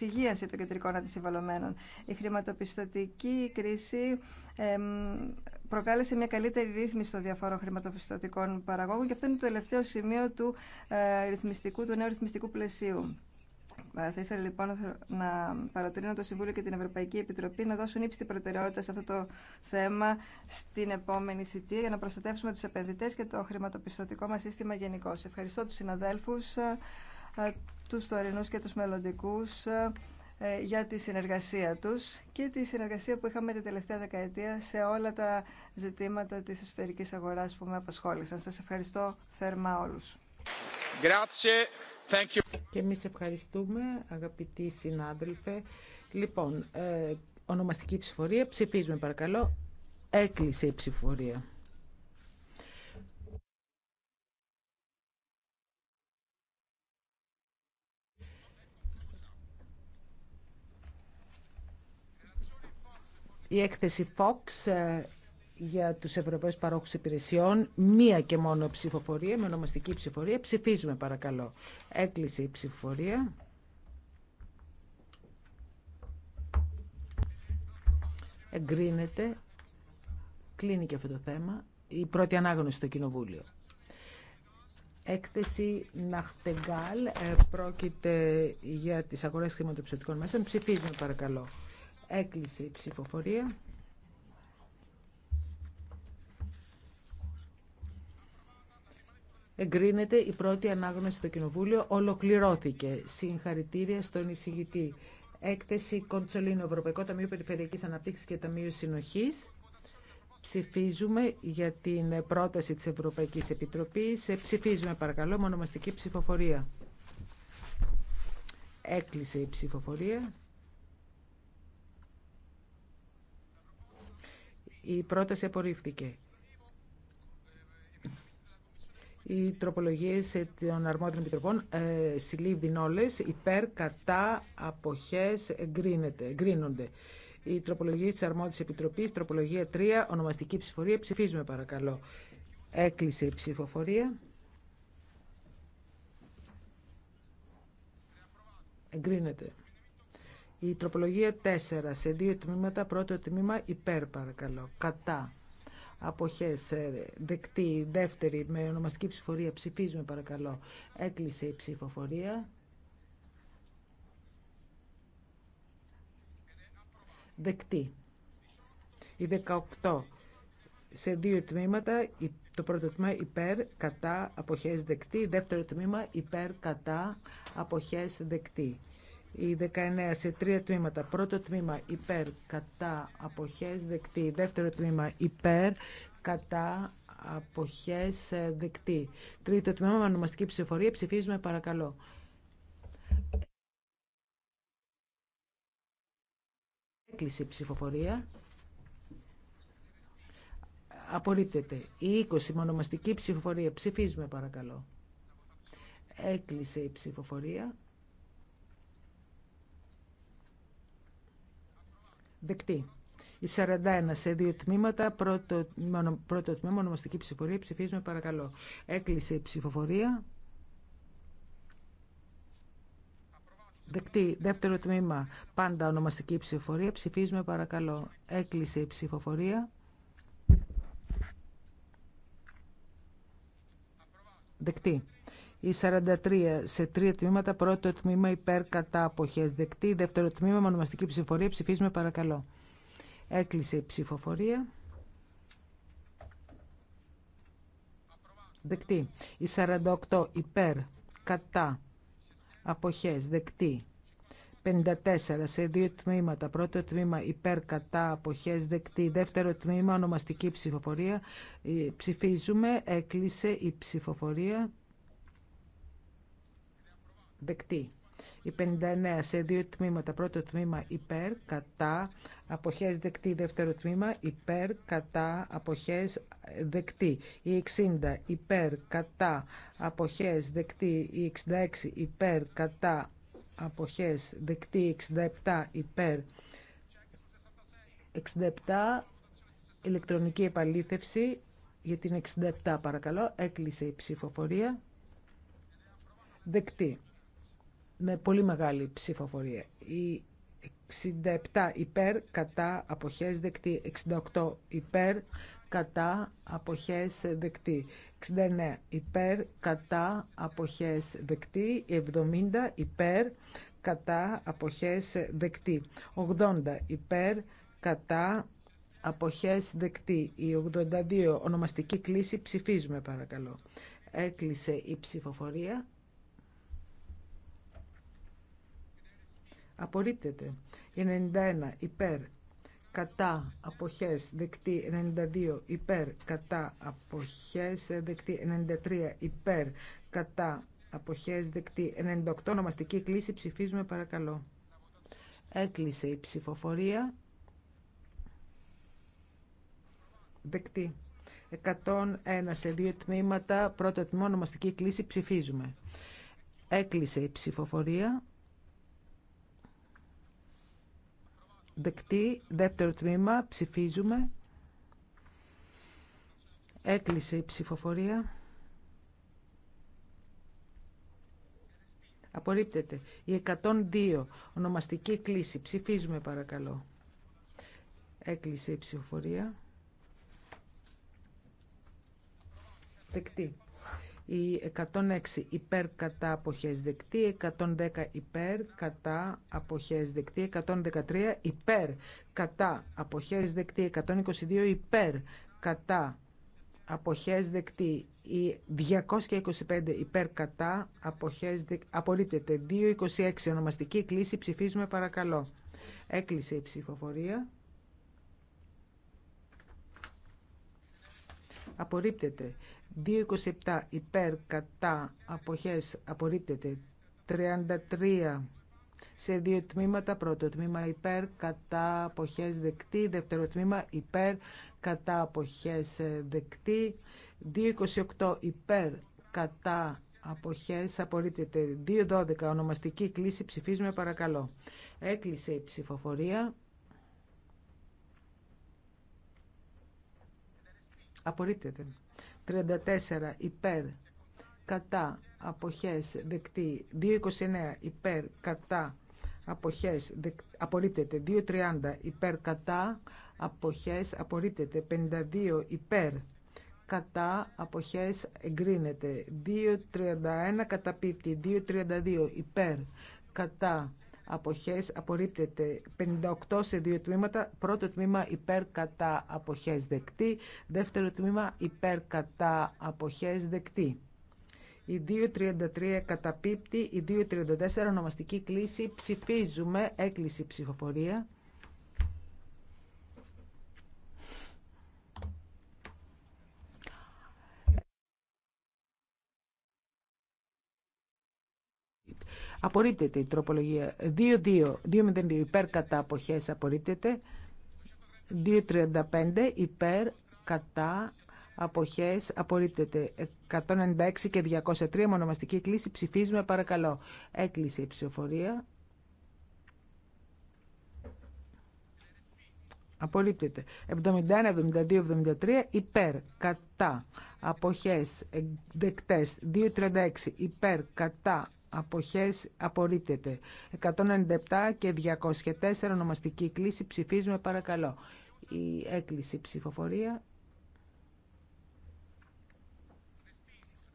εξυγίαση των κεντρικών αντισυμβαλωμένων. Η χρηματοπιστωτική κρίση προκάλεσε μια καλύτερη ρύθμιση των διαφόρων χρηματοπιστωτικών παραγόγων και αυτό είναι το τελευταίο σημείο του, ε, ρυθμιστικού, του νέου ρυθμιστικού πλαισίου. Ε, θα ήθελα λοιπόν να παρατηρήσω το Συμβούλιο και την Ευρωπαϊκή Επιτροπή να δώσουν ύψη την προτεραιότητα σε αυτό το θέμα στην επόμενη θητεία για να προστατεύσουμε τους επενδυτές και το χρηματοπιστωτικό μας σύστημα γενικώ. Ευχαριστώ τους συναδέλφους ε, ε, τους τωρινούς και τους μελλοντικούς ε, ε, για τη συνεργασία τους και τη συνεργασία που είχαμε την τελευταία δεκαετία σε όλα τα ζητήματα της εσωτερικής αγοράς που με απασχόλησαν. Σας ευχαριστώ θερμά όλους. Thank you. Και εμείς ευχαριστούμε αγαπητοί συνάδελφε. Λοιπόν, ονομαστική ψηφορία, ψηφίζουμε παρακαλώ. Έκλεισε η ψηφορία. η έκθεση Fox ε, για τους Ευρωπαίους Παρόχους Υπηρεσιών, μία και μόνο ψηφοφορία, με ονομαστική ψηφοφορία. Ψηφίζουμε παρακαλώ. Έκλεισε η ψηφοφορία. Εγκρίνεται. Κλείνει και αυτό το θέμα. Η πρώτη ανάγνωση στο Κοινοβούλιο. Έκθεση Ναχτεγκάλ ε, πρόκειται για τις αγορές χρηματοπιστωτικών μέσων. Ψηφίζουμε παρακαλώ. Έκλεισε η ψηφοφορία. Εγκρίνεται η πρώτη ανάγνωση στο Κοινοβούλιο. Ολοκληρώθηκε. Συγχαρητήρια στον εισηγητή. Έκθεση Κοντσολίνο, Ευρωπαϊκό Ταμείο Περιφερειακής Αναπτύξης και Ταμείο Συνοχής. Ψηφίζουμε για την πρόταση της Ευρωπαϊκής Επιτροπής. Ε, ψηφίζουμε παρακαλώ μονομαστική ψηφοφορία. Έκλεισε η ψηφοφορία. Η πρόταση απορρίφθηκε. Οι τροπολογίε των αρμόδιων επιτροπών ε, συλλήβδην όλε υπέρ, κατά, αποχές, εγκρίνονται. η τροπολογία τη αρμόδια επιτροπή, τροπολογία 3, ονομαστική ψηφοφορία, ψηφίζουμε παρακαλώ. Έκλεισε η ψηφοφορία. Εγκρίνεται. Η τροπολογία 4 σε δύο τμήματα, πρώτο τμήμα υπέρ παρακαλώ, κατά. Αποχές ε, δεκτή, δεύτερη με ονομαστική ψηφορία, ψηφίζουμε παρακαλώ. Έκλεισε η ψηφοφορία. Δεκτή. Η 18 σε δύο τμήματα, το πρώτο τμήμα υπέρ, κατά, αποχές δεκτή, δεύτερο τμήμα υπέρ, κατά, αποχές δεκτή. Η 19 σε τρία τμήματα. Πρώτο τμήμα υπέρ κατά αποχές δεκτή. Δεύτερο τμήμα υπέρ κατά αποχές ε, δεκτή. Τρίτο τμήμα με ονομαστική ψηφορία. Ψηφίζουμε παρακαλώ. Έκλεισε η ψηφοφορία. Απορρίπτεται. Η 20 μονομαστική ψηφοφορία. Ψηφίζουμε παρακαλώ. Έκλεισε η ψηφοφορία. Δεκτή. Η 41 σε δύο τμήματα, πρώτο, τμήμα, ονομαστική ψηφοφορία. Ψηφίζουμε παρακαλώ. Έκλεισε η ψηφοφορία. Δεκτή. Δεύτερο τμήμα, πάντα ονομαστική ψηφοφορία. Ψηφίζουμε παρακαλώ. Έκλεισε η ψηφοφορία. Δεκτή. Η 43 σε τρία τμήματα. Πρώτο τμήμα υπέρ κατά αποχές δεκτή. Δεύτερο τμήμα ονομαστική ψηφοφορία. Ψηφίζουμε παρακαλώ. Έκλεισε η ψηφοφορία. Δεκτή. Η 48 υπέρ κατά αποχές δεκτή. 54 σε δύο τμήματα. Πρώτο τμήμα υπέρ κατά αποχές δεκτή. Δεύτερο τμήμα ονομαστική ψηφοφορία. Ε, ψηφίζουμε. Έκλεισε η ψηφοφορία δεκτή. Η 59 σε δύο τμήματα. Πρώτο τμήμα υπέρ, κατά, αποχές δεκτή. Δεύτερο τμήμα υπέρ, κατά, αποχές δεκτή. Η 60 υπέρ, κατά, αποχές δεκτή. Η 66 υπέρ, κατά, αποχές δεκτή. Η 67 υπέρ. 67 ηλεκτρονική επαλήθευση για την 67 παρακαλώ. Έκλεισε η ψηφοφορία. Δεκτή με πολύ μεγάλη ψηφοφορία. Η 67 υπέρ κατά αποχές δεκτή, 68 υπέρ κατά αποχές δεκτή, 69 υπέρ κατά αποχές δεκτή, 70 υπέρ κατά αποχές δεκτή, 80 υπέρ κατά αποχές δεκτή, η 82 ονομαστική κλίση ψηφίζουμε παρακαλώ. Έκλεισε η ψηφοφορία. απορρίπτεται. 91 υπέρ κατά αποχές δεκτή 92 υπέρ κατά αποχές δεκτή 93 υπέρ κατά αποχές δεκτή 98 ονομαστική κλίση ψηφίζουμε παρακαλώ έκλεισε η ψηφοφορία δεκτή 101 σε δύο τμήματα πρώτο τμήμα ονομαστική κλίση ψηφίζουμε έκλεισε η ψηφοφορία Δεκτή. Δεύτερο τμήμα. Ψηφίζουμε. Έκλεισε η ψηφοφορία. Απορρίπτεται. Η 102. Ονομαστική κλίση. Ψηφίζουμε παρακαλώ. Έκλεισε η ψηφοφορία. Δεκτή η 106 υπέρ κατά αποχές δεκτή, 110 υπέρ κατά αποχές δεκτή, 113 υπέρ κατά αποχές δεκτή, 122 υπέρ κατά αποχές δεκτή, η 225 υπέρ κατά αποχές δεκτή, απορρίπτεται, 226 ονομαστική κλίση, ψηφίζουμε παρακαλώ. Έκλεισε η ψηφοφορία. Απορρίπτεται. 2.27 υπέρ κατά αποχές απορρίπτεται. 33 σε δύο τμήματα. Πρώτο τμήμα υπέρ κατά αποχές δεκτή. Δεύτερο τμήμα υπέρ κατά αποχές ε, δεκτή. 2.28 υπέρ κατά αποχές απορρίπτεται. 2.12 ονομαστική κλίση ψηφίζουμε παρακαλώ. Έκλεισε η ψηφοφορία. Απορρίπτεται. 34 υπέρ κατά αποχές δεκτή 229 υπέρ κατά αποχές δεκ, απορρίπτεται 230 υπέρ κατά αποχές απορρίπτεται 52 υπέρ κατά αποχές εγκρίνεται 231 καταπίπτει 232 υπέρ κατά αποχές απορρίπτεται 58 σε δύο τμήματα πρώτο τμήμα υπέρ κατά αποχές δεκτή δεύτερο τμήμα υπέρ κατά αποχές δεκτή η 2.33 καταπίπτει, η 2.34 ονομαστική κλίση, ψηφίζουμε, έκκληση ψηφοφορία. Απορρίπτεται η τροπολογία 2-2, 2-0-2 0 κατά αποχές απορρίπτεται. 2-35 υπέρ κατά αποχές απορρίπτεται. 196 και 203 μονομαστική κλίση ψηφίζουμε παρακαλώ. Έκλεισε η ψηφοφορία. Απορρίπτεται. 71, 72, 73 υπέρ, κατά, αποχές, ε, δεκτές, 236 υπέρ, κατά, αποχές απορρίπτεται. 197 και 204 ονομαστική κλίση ψηφίζουμε παρακαλώ. Η έκκληση ψηφοφορία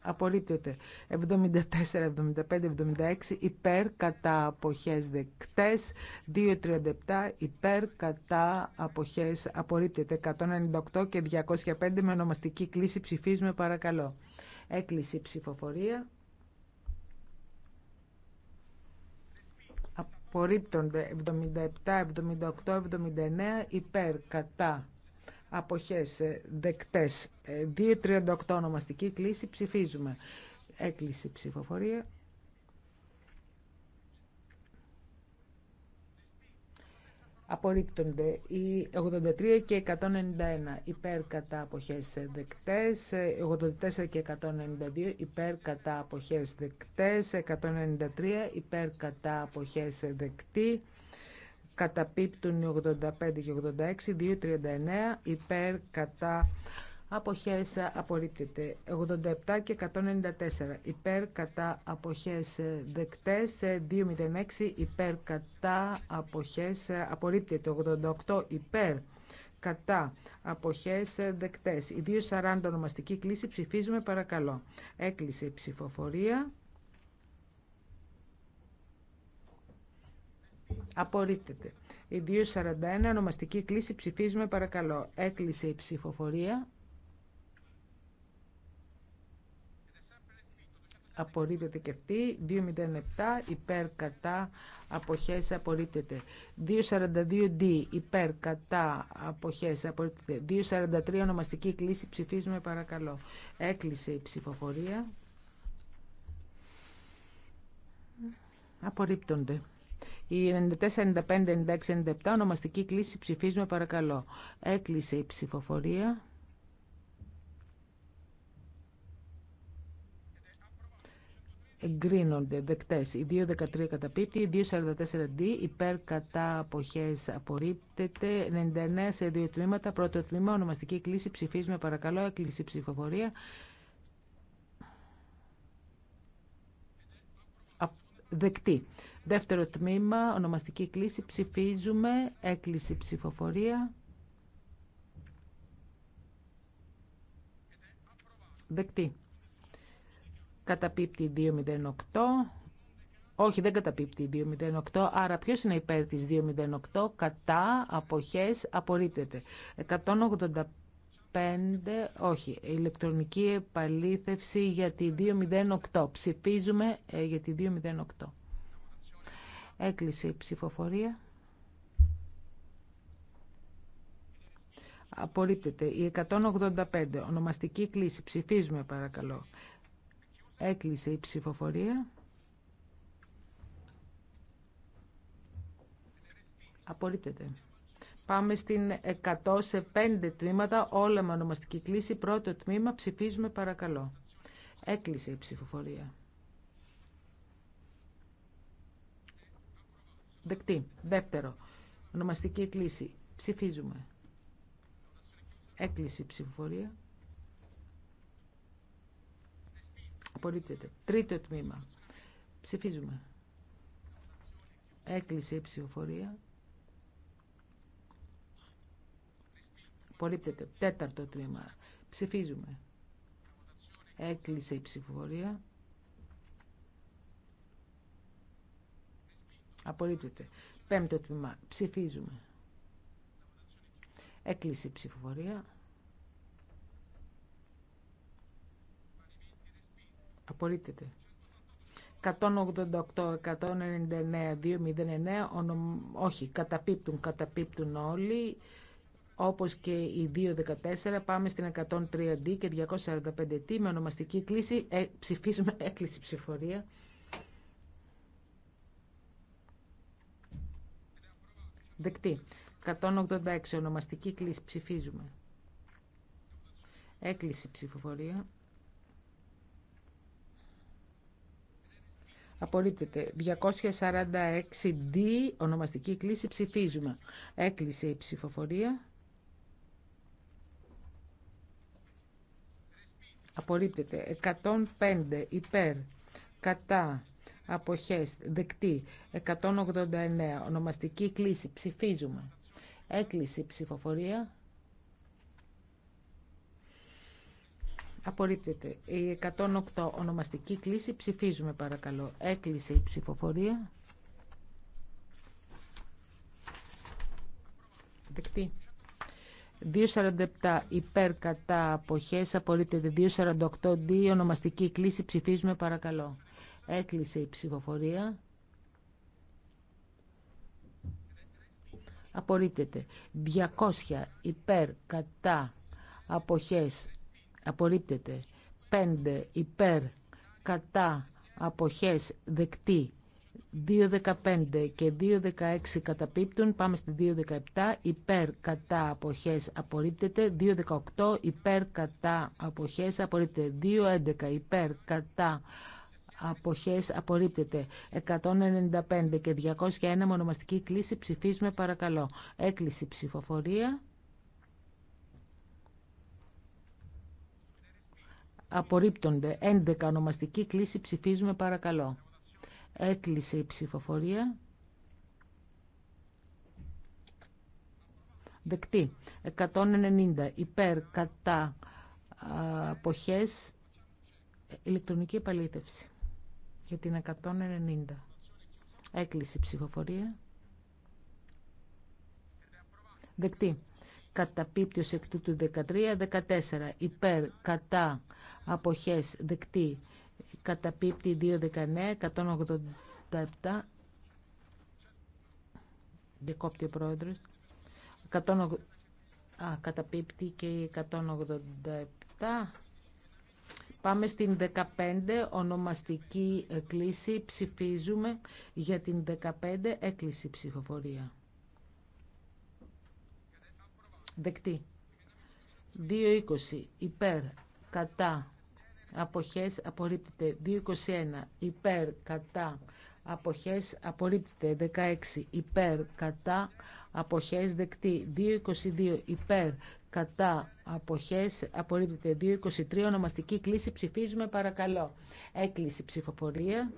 απορρίπτεται. 74, 75, 76 υπέρ κατά αποχές δεκτές. 237 υπέρ κατά αποχές απορρίπτεται. 198 και 205 με ονομαστική κλίση ψηφίζουμε παρακαλώ. Έκλειση ψηφοφορία. απορρίπτονται 77, 78, 79 υπέρ, κατά, αποχές, ε, δεκτές. 2.38 ε, ονομαστική κλίση ψηφίζουμε. Έκλεισε ψηφοφορία. απορρίπτονται οι 83 και 191 υπέρ κατά αποχές δεκτές 84 και 192 υπέρ κατά αποχές δεκτές 193 υπέρ κατά αποχές δεκτή καταπίπτουν οι 85 και 86 239 υπέρ κατά αποχές ε, απορρίπτεται. 87 και 194 υπέρ κατά αποχές ε, δεκτές. 206 ε, υπέρ κατά αποχές απορρίπτεται. 88 υπέρ κατά αποχές δεκτές. Οι 2.40 ονομαστική κλίση ψηφίζουμε παρακαλώ. Έκλεισε η ψηφοφορία. Απορρίπτεται. Η 2.41 ονομαστική κλίση ψηφίζουμε παρακαλώ. Έκλεισε η ψηφοφορία. απορρίπτεται και αυτή. 2.07 υπέρ κατά αποχές απορρίπτεται. 2.42D υπέρ κατά αποχές απορρίπτεται. 2.43 ονομαστική κλίση ψηφίζουμε παρακαλώ. Έκλεισε η ψηφοφορία. Απορρίπτονται. Η 94, 95, 96, 97 ονομαστική κλίση ψηφίζουμε παρακαλώ. Έκλεισε η ψηφοφορία. εγκρίνονται δεκτές. Οι 2.13 καταπίπτει, οι 2.44D υπέρ κατά αποχές απορρίπτεται, 99 σε δύο τμήματα, πρώτο τμήμα, ονομαστική κλίση, ψηφίζουμε παρακαλώ, έκλειση ψηφοφορία. Δεκτή. Δεύτερο τμήμα, ονομαστική κλίση, ψηφίζουμε, έκλειση ψηφοφορία. Δεκτή. Καταπίπτει 208. Όχι, δεν καταπίπτει 208. Άρα ποιος είναι υπέρ της 208. Κατά, αποχές, απορρίπτεται. 185. Όχι, ηλεκτρονική επαλήθευση για τη 208. Ψηφίζουμε ε, για τη 208. Έκλεισε η ψηφοφορία. Απορρίπτεται η 185. Ονομαστική κλίση. Ψηφίζουμε παρακαλώ. Έκλεισε η ψηφοφορία. Απορρίπτεται. Πάμε στην 105 τμήματα, όλα με ονομαστική κλίση. Πρώτο τμήμα, ψηφίζουμε παρακαλώ. Έκλεισε η ψηφοφορία. Δεκτή. Δεύτερο. Ονομαστική κλίση. Ψηφίζουμε. Έκλεισε η ψηφοφορία. Απορρίπτεται. Τρίτο τμήμα. Ψηφίζουμε. Έκλεισε η ψηφοφορία. Απορρίπτεται. Τέταρτο τμήμα. Ψηφίζουμε. Έκλεισε η ψηφοφορία. Απορρίπτεται. Πέμπτο τμήμα. Ψηφίζουμε. Έκλεισε η ψηφοφορία. Απορρίπτεται. 188, 199, 209, όχι, καταπίπτουν, καταπίπτουν όλοι, όπως και οι 214, πάμε στην 103D και 245D με ονομαστική κλίση, ε, ψηφίζουμε έκκληση ψηφορία. Δεκτή. 186, ονομαστική κλίση, ψηφίζουμε. έκκληση ψηφοφορία. Απορρίπτεται. 246D, ονομαστική κλίση, ψηφίζουμε. Έκλεισε η ψηφοφορία. Απορρίπτεται. 105 υπέρ, κατά, αποχές, δεκτή. 189, ονομαστική κλίση, ψηφίζουμε. Έκλεισε η ψηφοφορία. Απορρίπτεται. Η 108 ονομαστική κλίση. Ψηφίζουμε παρακαλώ. Έκλεισε η ψηφοφορία. Δεκτή. 2.47 υπέρ κατά αποχές. Απορρίπτεται. 2.48 δι ονομαστική κλίση. Ψηφίζουμε παρακαλώ. Έκλεισε η ψηφοφορία. Απορρίπτεται. 200 υπέρ κατά αποχές απορρίπτεται. 5 υπέρ κατά αποχές δεκτή 2.15 και 2.16 καταπίπτουν. Πάμε στη 2.17. Υπέρ κατά αποχές απορρίπτεται. 2.18 υπέρ κατά αποχές απορρίπτεται. 2.11 υπέρ κατά αποχές απορρίπτεται. 195 και 201 μονομαστική κλίση ψηφίζουμε παρακαλώ. Έκλειση ψηφοφορία. απορρίπτονται. 11 ονομαστική κλίση ψηφίζουμε παρακαλώ. Έκλεισε η ψηφοφορία. Δεκτή. 190 υπέρ κατά αποχές ηλεκτρονική επαλήθευση. Για την 190. Έκλεισε η ψηφοφορία. Δεκτή. Καταπίπτωση εκ τούτου 13, 14. Υπέρ, κατά, αποχές δεκτή καταπίπτει 2.19 187 διακόπτει ο πρόεδρος α, καταπίπτει και 187 Πάμε στην 15, ονομαστική κλίση, ψηφίζουμε για την 15, έκλειση ψηφοφορία. Δεκτή. 2.20, υπέρ, κατά αποχές απορρίπτεται 221 υπέρ κατά αποχές απορρίπτεται 16 υπέρ κατά αποχές δεκτή 222 υπέρ κατά αποχές απορρίπτεται 223 ονομαστική κλίση ψηφίζουμε παρακαλώ έκλειση ψηφοφορία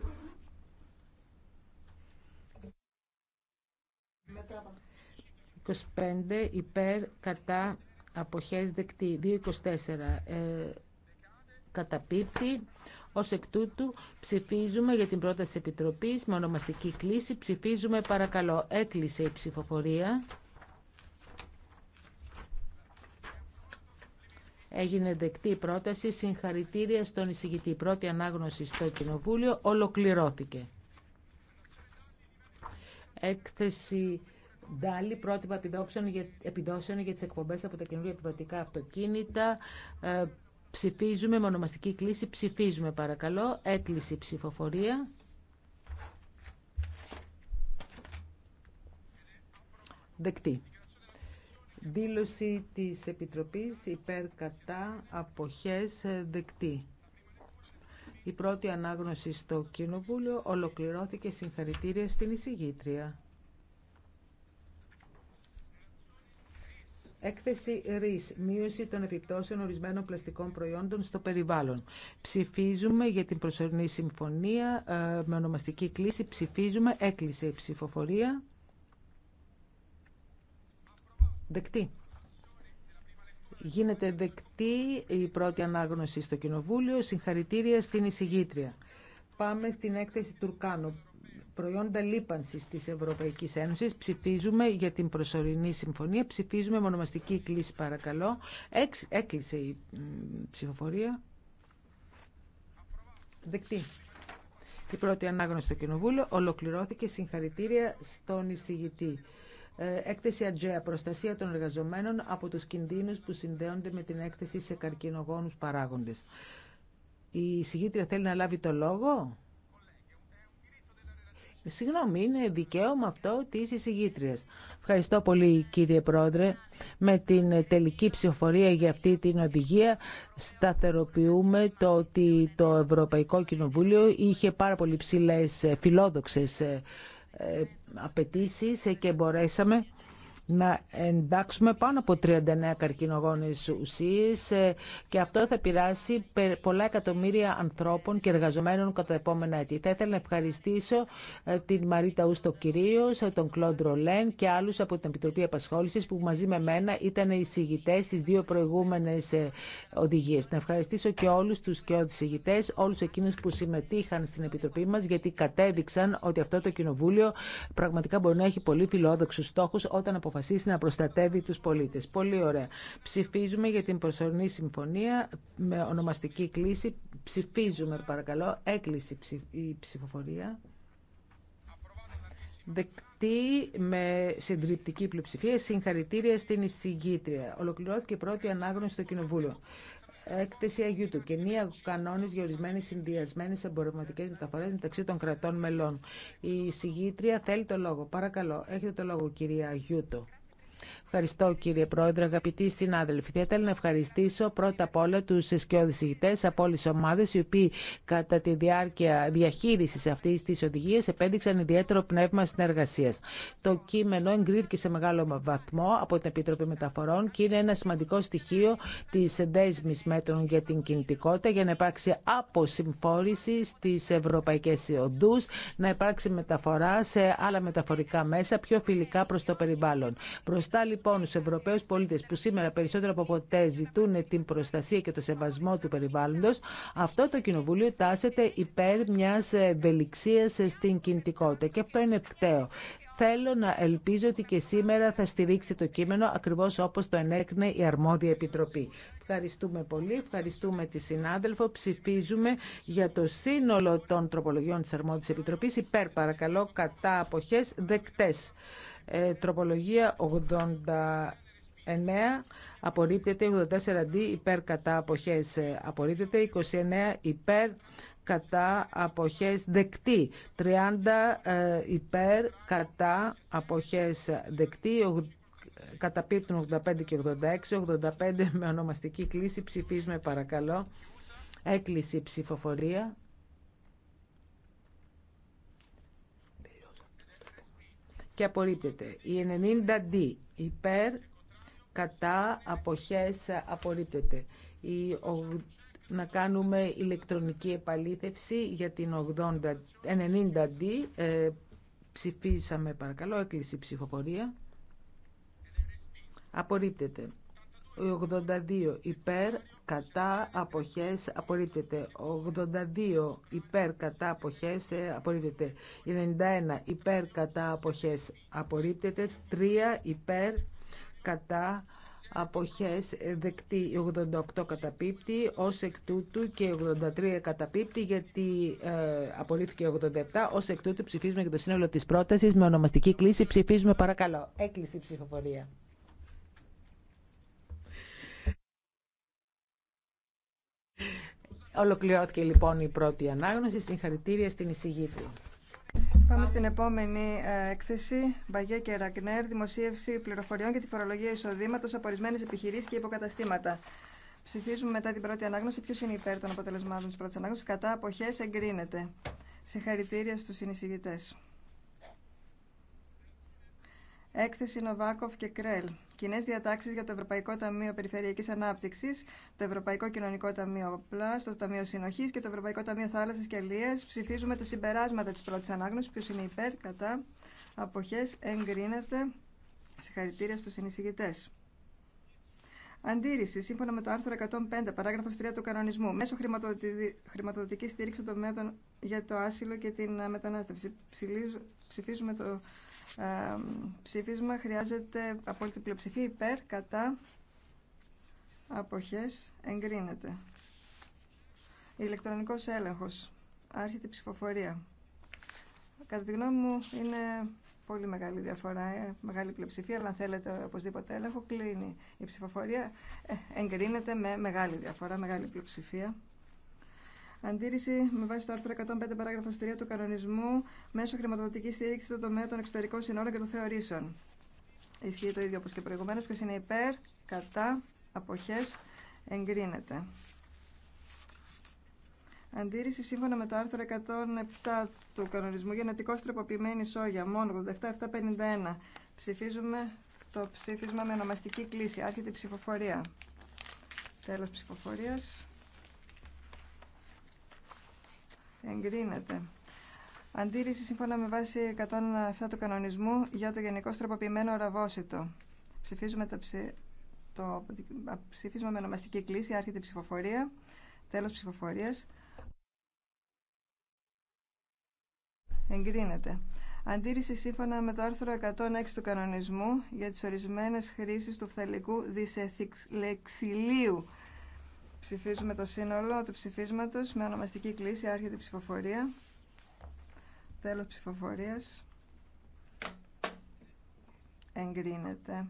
25 υπέρ κατά αποχές δεκτή 2.24 ε, καταπίπτει. Ως εκ τούτου ψηφίζουμε για την πρόταση Επιτροπής με ονομαστική κλίση. Ψηφίζουμε παρακαλώ. Έκλεισε η ψηφοφορία. Έγινε δεκτή η πρόταση. Συγχαρητήρια στον εισηγητή. Η πρώτη ανάγνωση στο Κοινοβούλιο ολοκληρώθηκε. Έκθεση Ντάλι, πρότυπα επιδόσεων για, επιδόσεων για τις εκπομπές από τα καινούργια επιβατικά αυτοκίνητα. Ε, ψηφίζουμε, μονομαστική κλίση, ψηφίζουμε παρακαλώ. Έκλειση ψηφοφορία. Δεκτή. Δήλωση της Επιτροπής υπέρ κατά αποχές ε, δεκτή. Η πρώτη ανάγνωση στο Κοινοβούλιο ολοκληρώθηκε συγχαρητήρια στην εισηγήτρια. Έκθεση ΡΙΣ, μείωση των επιπτώσεων ορισμένων πλαστικών προϊόντων στο περιβάλλον. Ψηφίζουμε για την προσωρινή συμφωνία ε, με ονομαστική κλίση. Ψηφίζουμε, έκλεισε η ψηφοφορία. Δεκτή. Γίνεται δεκτή η πρώτη ανάγνωση στο Κοινοβούλιο. Συγχαρητήρια στην εισηγήτρια. Πάμε στην έκθεση Τουρκάνου προϊόντα λίπανσης τη Ευρωπαϊκή Ένωση. Ψηφίζουμε για την προσωρινή συμφωνία. Ψηφίζουμε μονομαστική κλίση παρακαλώ. Έκλεισε η ψηφοφορία. Δεκτή. Η πρώτη ανάγνωση στο Κοινοβούλιο ολοκληρώθηκε συγχαρητήρια στον εισηγητή. Ε, έκθεση Ατζέα, προστασία των εργαζομένων από τους κινδύνου που συνδέονται με την έκθεση σε καρκινογόνους παράγοντε. Η συγγήτρια θέλει να λάβει το λόγο. Συγγνώμη, είναι δικαίωμα αυτό τη εισηγήτρια. Ευχαριστώ πολύ, κύριε Πρόεδρε. Με την τελική ψηφοφορία για αυτή την οδηγία σταθεροποιούμε το ότι το Ευρωπαϊκό Κοινοβούλιο είχε πάρα πολύ ψηλές φιλόδοξες ε, ε, απαιτήσει και μπορέσαμε να εντάξουμε πάνω από 39 καρκινογόνες ουσίες ε, και αυτό θα πειράσει πολλά εκατομμύρια ανθρώπων και εργαζομένων κατά τα επόμενα έτη. Θα ήθελα να ευχαριστήσω ε, την Μαρίτα Ούστο κυρίω, ε, τον Κλόντ Ρολέν και άλλους από την Επιτροπή Απασχόλησης που μαζί με μένα ήταν οι συγητές στις δύο προηγούμενες οδηγίες. Να ευχαριστήσω και όλους τους και συγητές, όλους εκείνους που συμμετείχαν στην Επιτροπή μας γιατί κατέδειξαν ότι αυτό το Κοινοβούλιο πραγματικά μπορεί να έχει πολύ φιλόδοξους στόχους όταν αποφασίζει αποφασίσει να προστατεύει τους πολίτες. Πολύ ωραία. Ψηφίζουμε για την προσωρινή συμφωνία με ονομαστική κλίση. Ψηφίζουμε παρακαλώ. Έκλεισε η ψηφοφορία. Δεκτή με συντριπτική πλειοψηφία συγχαρητήρια στην εισηγήτρια. Ολοκληρώθηκε η πρώτη ανάγνωση στο Κοινοβούλιο έκθεση Αγίου του και κανόνε για ορισμένε συνδυασμένε εμπορευματικέ μεταφορέ μεταξύ των κρατών μελών. Η συγγήτρια θέλει το λόγο. Παρακαλώ, έχετε το λόγο, κυρία Αγιούτο. Ευχαριστώ κύριε Πρόεδρε, αγαπητοί συνάδελφοι. Θα ήθελα να ευχαριστήσω πρώτα απ' όλα του ηγητές από όλε τι ομάδε, οι οποίοι κατά τη διάρκεια διαχείριση αυτή τη οδηγία επέδειξαν ιδιαίτερο πνεύμα συνεργασία. Το κείμενο εγκρίθηκε σε μεγάλο βαθμό από την Επιτροπή Μεταφορών και είναι ένα σημαντικό στοιχείο τη δέσμη μέτρων για την κινητικότητα για να υπάρξει αποσυμφόρηση στι ευρωπαϊκέ οδού, να υπάρξει μεταφορά σε άλλα μεταφορικά μέσα πιο φιλικά προ το περιβάλλον. Μπροστά λοιπόν στου Ευρωπαίου πολίτε που σήμερα περισσότερο από ποτέ ζητούν την προστασία και το σεβασμό του περιβάλλοντο, αυτό το Κοινοβούλιο τάσεται υπέρ μια ευελιξία στην κινητικότητα. Και αυτό είναι ευκταίο. Θέλω να ελπίζω ότι και σήμερα θα στηρίξει το κείμενο ακριβώς όπως το ενέκρινε η αρμόδια επιτροπή. Ευχαριστούμε πολύ, ευχαριστούμε τη συνάδελφο. Ψηφίζουμε για το σύνολο των τροπολογιών της αρμόδιας επιτροπής. Υπέρ παρακαλώ, κατά αποχές, δεκτές. Ε, τροπολογία 89 απορρίπτεται, 84D υπέρ κατά αποχές ε, απορρίπτεται, 29 υπέρ κατά αποχές δεκτή, 30 ε, υπέρ κατά αποχές δεκτή, καταπίπτουν 85 και 86, 85 με ονομαστική κλίση ψηφίζουμε παρακαλώ, έκλειση ψηφοφορία. και απορρίπτεται. Η 90D υπέρ, κατά, αποχές, απορρίπτεται. Η, να κάνουμε ηλεκτρονική επαλήθευση για την 90D. Ε, ψηφίσαμε παρακαλώ, έκλεισε η ψηφοφορία. Απορρίπτεται. 82 υπέρ, κατά αποχές απορρίπτεται. 82 ε, υπέρ κατά αποχές απορρίπτεται. 91 υπέρ κατά αποχές απορρίπτεται. 3 υπέρ κατά αποχές δεκτή 88 καταπίπτει ως εκ τούτου και 83 καταπίπτει γιατί ε, απορρίφθηκε 87 ως εκ τούτου ψηφίζουμε για το σύνολο της πρότασης με ονομαστική κλίση ψηφίζουμε παρακαλώ Έκλειση ψηφοφορία Ολοκληρώθηκε λοιπόν η πρώτη ανάγνωση. Συγχαρητήρια στην εισηγήτρια. Πάμε στην επόμενη ε, έκθεση. Μπαγέ και Ραγνέρ, δημοσίευση πληροφοριών για τη φορολογία εισοδήματο από ορισμένε επιχειρήσει και υποκαταστήματα. Ψηφίζουμε μετά την πρώτη ανάγνωση. Ποιο είναι υπέρ των αποτελεσμάτων τη πρώτη ανάγνωση. Κατά αποχέ εγκρίνεται. Συγχαρητήρια στου συνεισηγητέ. Έκθεση Νοβάκοφ και Κρέλ. Κοινέ διατάξει για το Ευρωπαϊκό Ταμείο Περιφερειακή Ανάπτυξη, το Ευρωπαϊκό Κοινωνικό Ταμείο Πλά, το Ταμείο Συνοχή και το Ευρωπαϊκό Ταμείο Θάλασσα και Αλία. Ψηφίζουμε τα συμπεράσματα τη πρώτη ανάγνωση. Ποιο είναι υπέρ, κατά, αποχέ, εγκρίνεται. Συγχαρητήρια στου συνεισηγητέ. Αντίρρηση, σύμφωνα με το άρθρο 105, παράγραφο 3 του κανονισμού, μέσω χρηματοδοτική στήριξη των για το άσυλο και την μετανάστευση. Ψηφίζουμε το ψήφισμα χρειάζεται απόλυτη πλειοψηφία υπέρ, κατά, αποχές, εγκρίνεται. Ηλεκτρονικός έλεγχος. Άρχεται η ψηφοφορία. Κατά τη γνώμη μου είναι πολύ μεγάλη διαφορά, ε, μεγάλη πλειοψηφία, αλλά αν θέλετε οπωσδήποτε έλεγχο, κλείνει η ψηφοφορία. Ε, εγκρίνεται με μεγάλη διαφορά, μεγάλη πλειοψηφία. Αντίρρηση με βάση το άρθρο 105 παράγραφο 3 του κανονισμού μέσω χρηματοδοτική στήριξη στον τομέα των εξωτερικών συνόρων και των θεωρήσεων. Ισχύει το ίδιο όπω και προηγουμένω. Ποιο είναι υπέρ, κατά, αποχέ, εγκρίνεται. Αντίρρηση σύμφωνα με το άρθρο 107 του κανονισμού γενετικώ τροποποιημένη σόγια, μόνο 87751. Ψηφίζουμε το ψήφισμα με ονομαστική κλίση. Άρχεται η ψηφοφορία. Τέλο ψηφοφορία. εγκρίνεται. Αντίρρηση σύμφωνα με βάση 107 του κανονισμού για το γενικό στροποποιημένο ραβόσιτο. Ψηφίζουμε το ψήφισμα με ονομαστική κλίση, άρχεται η ψηφοφορία, τέλος ψηφοφορίας. Εγκρίνεται. Αντίρρηση σύμφωνα με το άρθρο 106 του κανονισμού για τις ορισμένες χρήσεις του φθαλικού δισεθυλεξιλίου Ψηφίζουμε το σύνολο του ψηφίσματος με ονομαστική κλίση άρχεται ψηφοφορία. Τέλος ψηφοφορίας. Εγκρίνεται.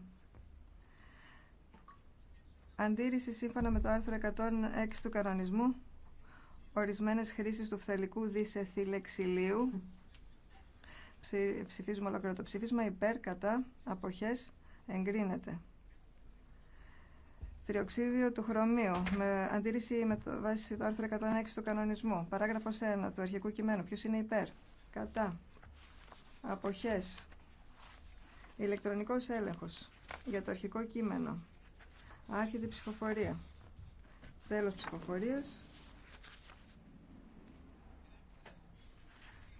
Αντίρρηση σύμφωνα με το άρθρο 106 του κανονισμού ορισμένες χρήσεις του φθελικού δισεθήλεξιλίου. Ψηφίζουμε ολόκληρο το ψήφισμα υπέρ, κατά, αποχές, εγκρίνεται. Τριοξίδιο του χρωμίου. Με αντίρρηση με το, βάση το άρθρο 106 του κανονισμού. Παράγραφος 1 του αρχικού κειμένου. Ποιο είναι υπέρ. Κατά. Αποχές. Ηλεκτρονικό έλεγχο Για το αρχικό κείμενο. Άρχιτη ψηφοφορία. Τέλο ψηφοφορία.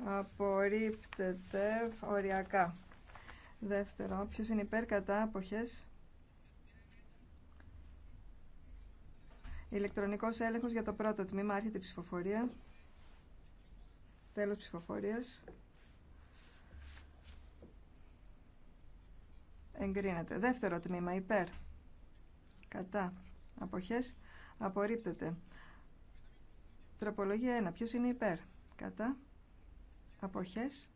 Απορρίπτεται οριακά. Δεύτερο. Ποιο είναι υπέρ κατά αποχές. Ηλεκτρονικό έλεγχος για το πρώτο τμήμα. Άρχεται η ψηφοφορία. Τέλος ψηφοφορία. Εγκρίνεται. Δεύτερο τμήμα. Υπέρ. Κατά. Αποχές. Απορρίπτεται. Τροπολογία 1. Ποιο είναι υπέρ. Κατά. Αποχές.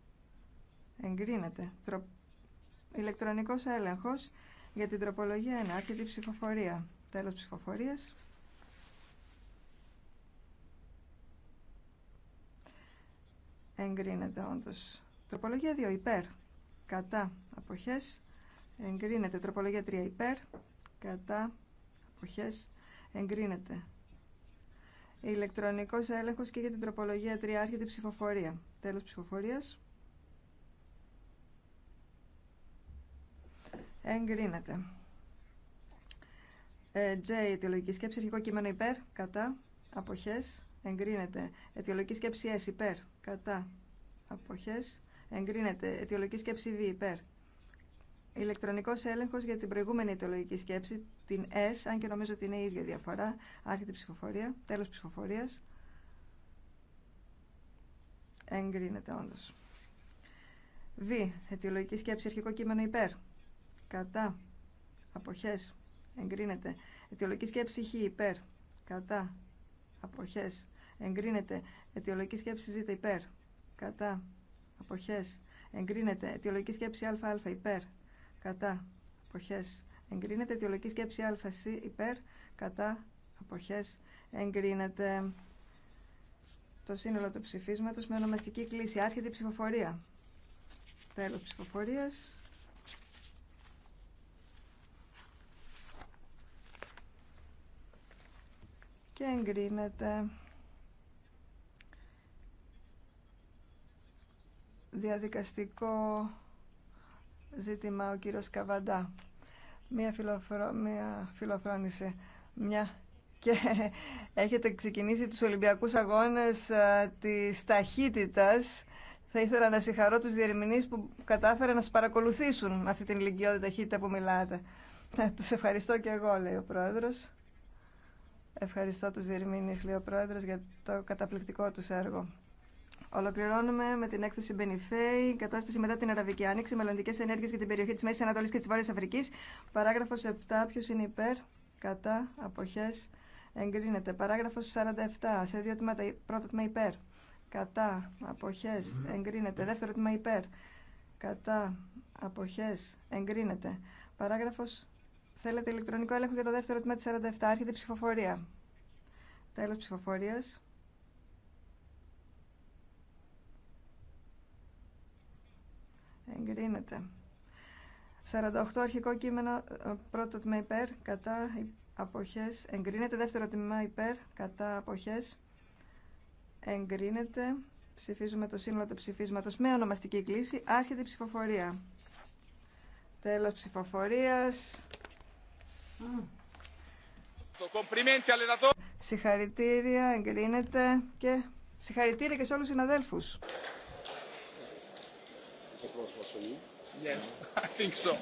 Εγκρίνεται. Τρο... Ηλεκτρονικός έλεγχος για την τροπολογία 1. Άρχεται η ψηφοφορία. Τέλος ψηφοφορία. εγκρίνεται όντως. Τροπολογία 2 υπέρ, κατά αποχές, εγκρίνεται. Τροπολογία 3 υπέρ, κατά αποχές, εγκρίνεται. Ηλεκτρονικός έλεγχος και για την τροπολογία 3 άρχεται ψηφοφορία. Τέλος ψηφοφορίας. Εγκρίνεται. J, ε, αιτιολογική σκέψη, αρχικό κείμενο υπέρ, κατά, αποχές, εγκρίνεται. Αιτιολογική σκέψη S υπέρ, κατά, αποχές, εγκρίνεται. Αιτιολογική σκέψη V υπέρ. Ηλεκτρονικός έλεγχος για την προηγούμενη αιτιολογική σκέψη, την S, αν και νομίζω ότι είναι η ίδια διαφορά, άρχεται η ψηφοφορία, τέλος ψηφοφορία. Εγκρίνεται όντω. Β. Αιτιολογική σκέψη, αρχικό κείμενο υπέρ. Κατά. Αποχές. Εγκρίνεται. Αιτιολογική σκέψη χ υπέρ. Κατά αποχές εγκρίνεται αιτιολογική σκέψη ζ υπέρ κατά αποχές εγκρίνεται αιτιολογική σκέψη A-Α υπέρ κατά αποχές εγκρίνεται αιτιολογική σκέψη α σ υπέρ κατά αποχές εγκρίνεται το σύνολο του ψηφίσματος με ονομαστική κλίση άρχεται η ψηφοφορία τέλος ψηφοφορίας και εγκρίνεται. Διαδικαστικό ζήτημα ο κύριος Καβαντά. Μία, Μία φιλοφρόνηση. Μια... Και έχετε ξεκινήσει τους Ολυμπιακούς Αγώνες α, ε, της ταχύτητας. Θα ήθελα να συγχαρώ τους διερμηνείς που κατάφεραν να σας παρακολουθήσουν αυτή την ηλικιώδη ταχύτητα που μιλάτε. Ε, τους ευχαριστώ και εγώ, λέει ο Πρόεδρος. Ευχαριστώ τους Διερμήνης λέω για το καταπληκτικό τους έργο. Ολοκληρώνουμε με την έκθεση Μπενιφέη, κατάσταση μετά την Αραβική Άνοιξη, μελλοντικέ ενέργειε για την περιοχή τη Μέση Ανατολή και τη Βόρεια Αφρική. Παράγραφο 7. Ποιο είναι υπέρ, κατά, αποχέ, εγκρίνεται. Παράγραφο 47. Σε δύο τμήματα. Πρώτο τμήμα υπέρ, κατά, αποχέ, εγκρίνεται. Δεύτερο τμήμα υπέρ, κατά, αποχέ, εγκρίνεται. Παράγραφο. Θέλετε ηλεκτρονικό έλεγχο για το δεύτερο τμήμα τη 47. Άρχεται η ψηφοφορία. Τέλος ψηφοφορία. Εγκρίνεται. 48 αρχικό κείμενο, ε, πρώτο τμήμα υπέρ, κατά αποχές. Εγκρίνεται. Δεύτερο τμήμα υπέρ, κατά αποχές. Εγκρίνεται. Ψηφίζουμε το σύνολο του ψηφίσματος με ονομαστική κλίση. Άρχεται η ψηφοφορία. Τέλος ψηφοφορίας. Συγχαρητήρια, εγκρίνεται και συγχαρητήρια και σε όλους τους συναδέλφους. Yes, I think so.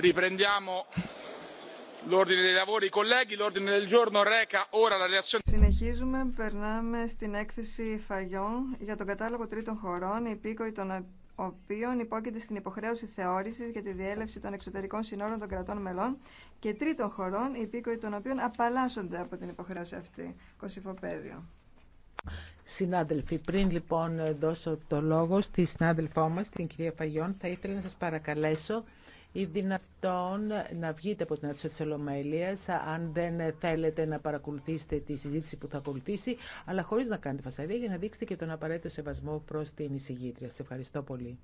Riprendiamo l'ordine dei lavori, colleghi. L'ordine del giorno reca ora la reazione. Συνεχίζουμε, περνάμε στην έκθεση φαγιών για τον κατάλογο τρίτων χωρών, υπήκοοι των οποίων υπόκειται στην υποχρέωση θεώρηση για τη διέλευση των εξωτερικών συνόρων των κρατών μελών και τρίτων χωρών, υπήκοοι των οποίων απαλλάσσονται από την υποχρέωση αυτή. Κωσυφοπαίδιο. Συνάδελφοι, πριν λοιπόν δώσω το λόγο στη συνάδελφό μας, την κυρία Φαγιών, θα ήθελα να σας παρακαλέσω ή δυνατόν να βγείτε από την αίθουσα τη ολομέλεια, αν δεν θέλετε να παρακολουθήσετε τη συζήτηση που θα ακολουθήσει, αλλά χωρί να κάνετε φασαρία για να δείξετε και τον απαραίτητο σεβασμό προ την εισηγήτρια. Σα ευχαριστώ πολύ.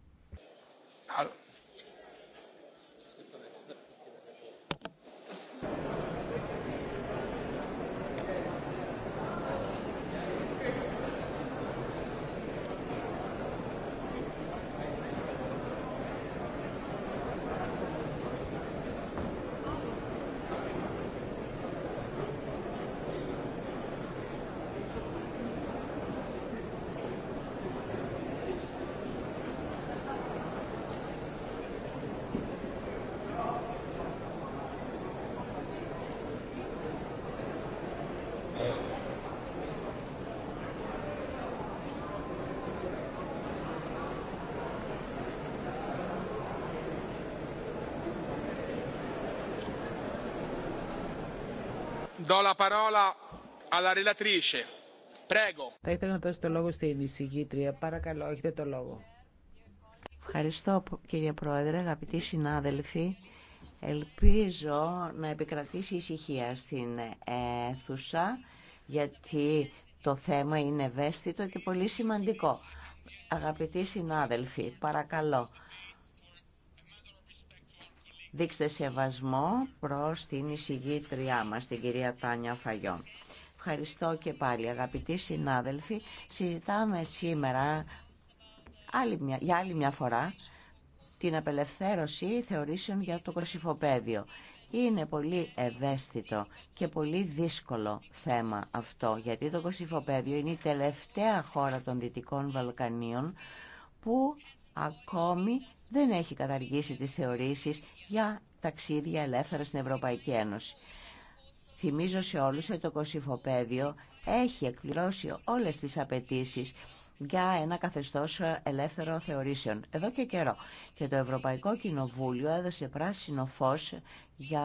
Θα ήθελα να δώσω το λόγο στην εισηγήτρια. Παρακαλώ, έχετε το λόγο. Ευχαριστώ κύριε Πρόεδρε, αγαπητοί συνάδελφοι. Ελπίζω να επικρατήσει ησυχία στην αίθουσα, γιατί το θέμα είναι ευαίσθητο και πολύ σημαντικό. Αγαπητοί συνάδελφοι, παρακαλώ, Δείξτε σεβασμό προς την εισηγήτριά μας, την κυρία Τάνια Φαγιό. Ευχαριστώ και πάλι αγαπητοί συνάδελφοι. Συζητάμε σήμερα άλλη μια, για άλλη μια φορά την απελευθέρωση θεωρήσεων για το κοσυφοπαίδιο. Είναι πολύ ευαίσθητο και πολύ δύσκολο θέμα αυτό, γιατί το Κωσυφοπαίδιο είναι η τελευταία χώρα των Δυτικών Βαλκανίων που ακόμη δεν έχει καταργήσει τις θεωρήσεις για ταξίδια ελεύθερα στην Ευρωπαϊκή Ένωση. Θυμίζω σε όλους ότι το Κωσυφοπαίδιο έχει εκπληρώσει όλες τις απαιτήσεις για ένα καθεστώς ελεύθερο θεωρήσεων εδώ και καιρό. Και το Ευρωπαϊκό Κοινοβούλιο έδωσε πράσινο φως για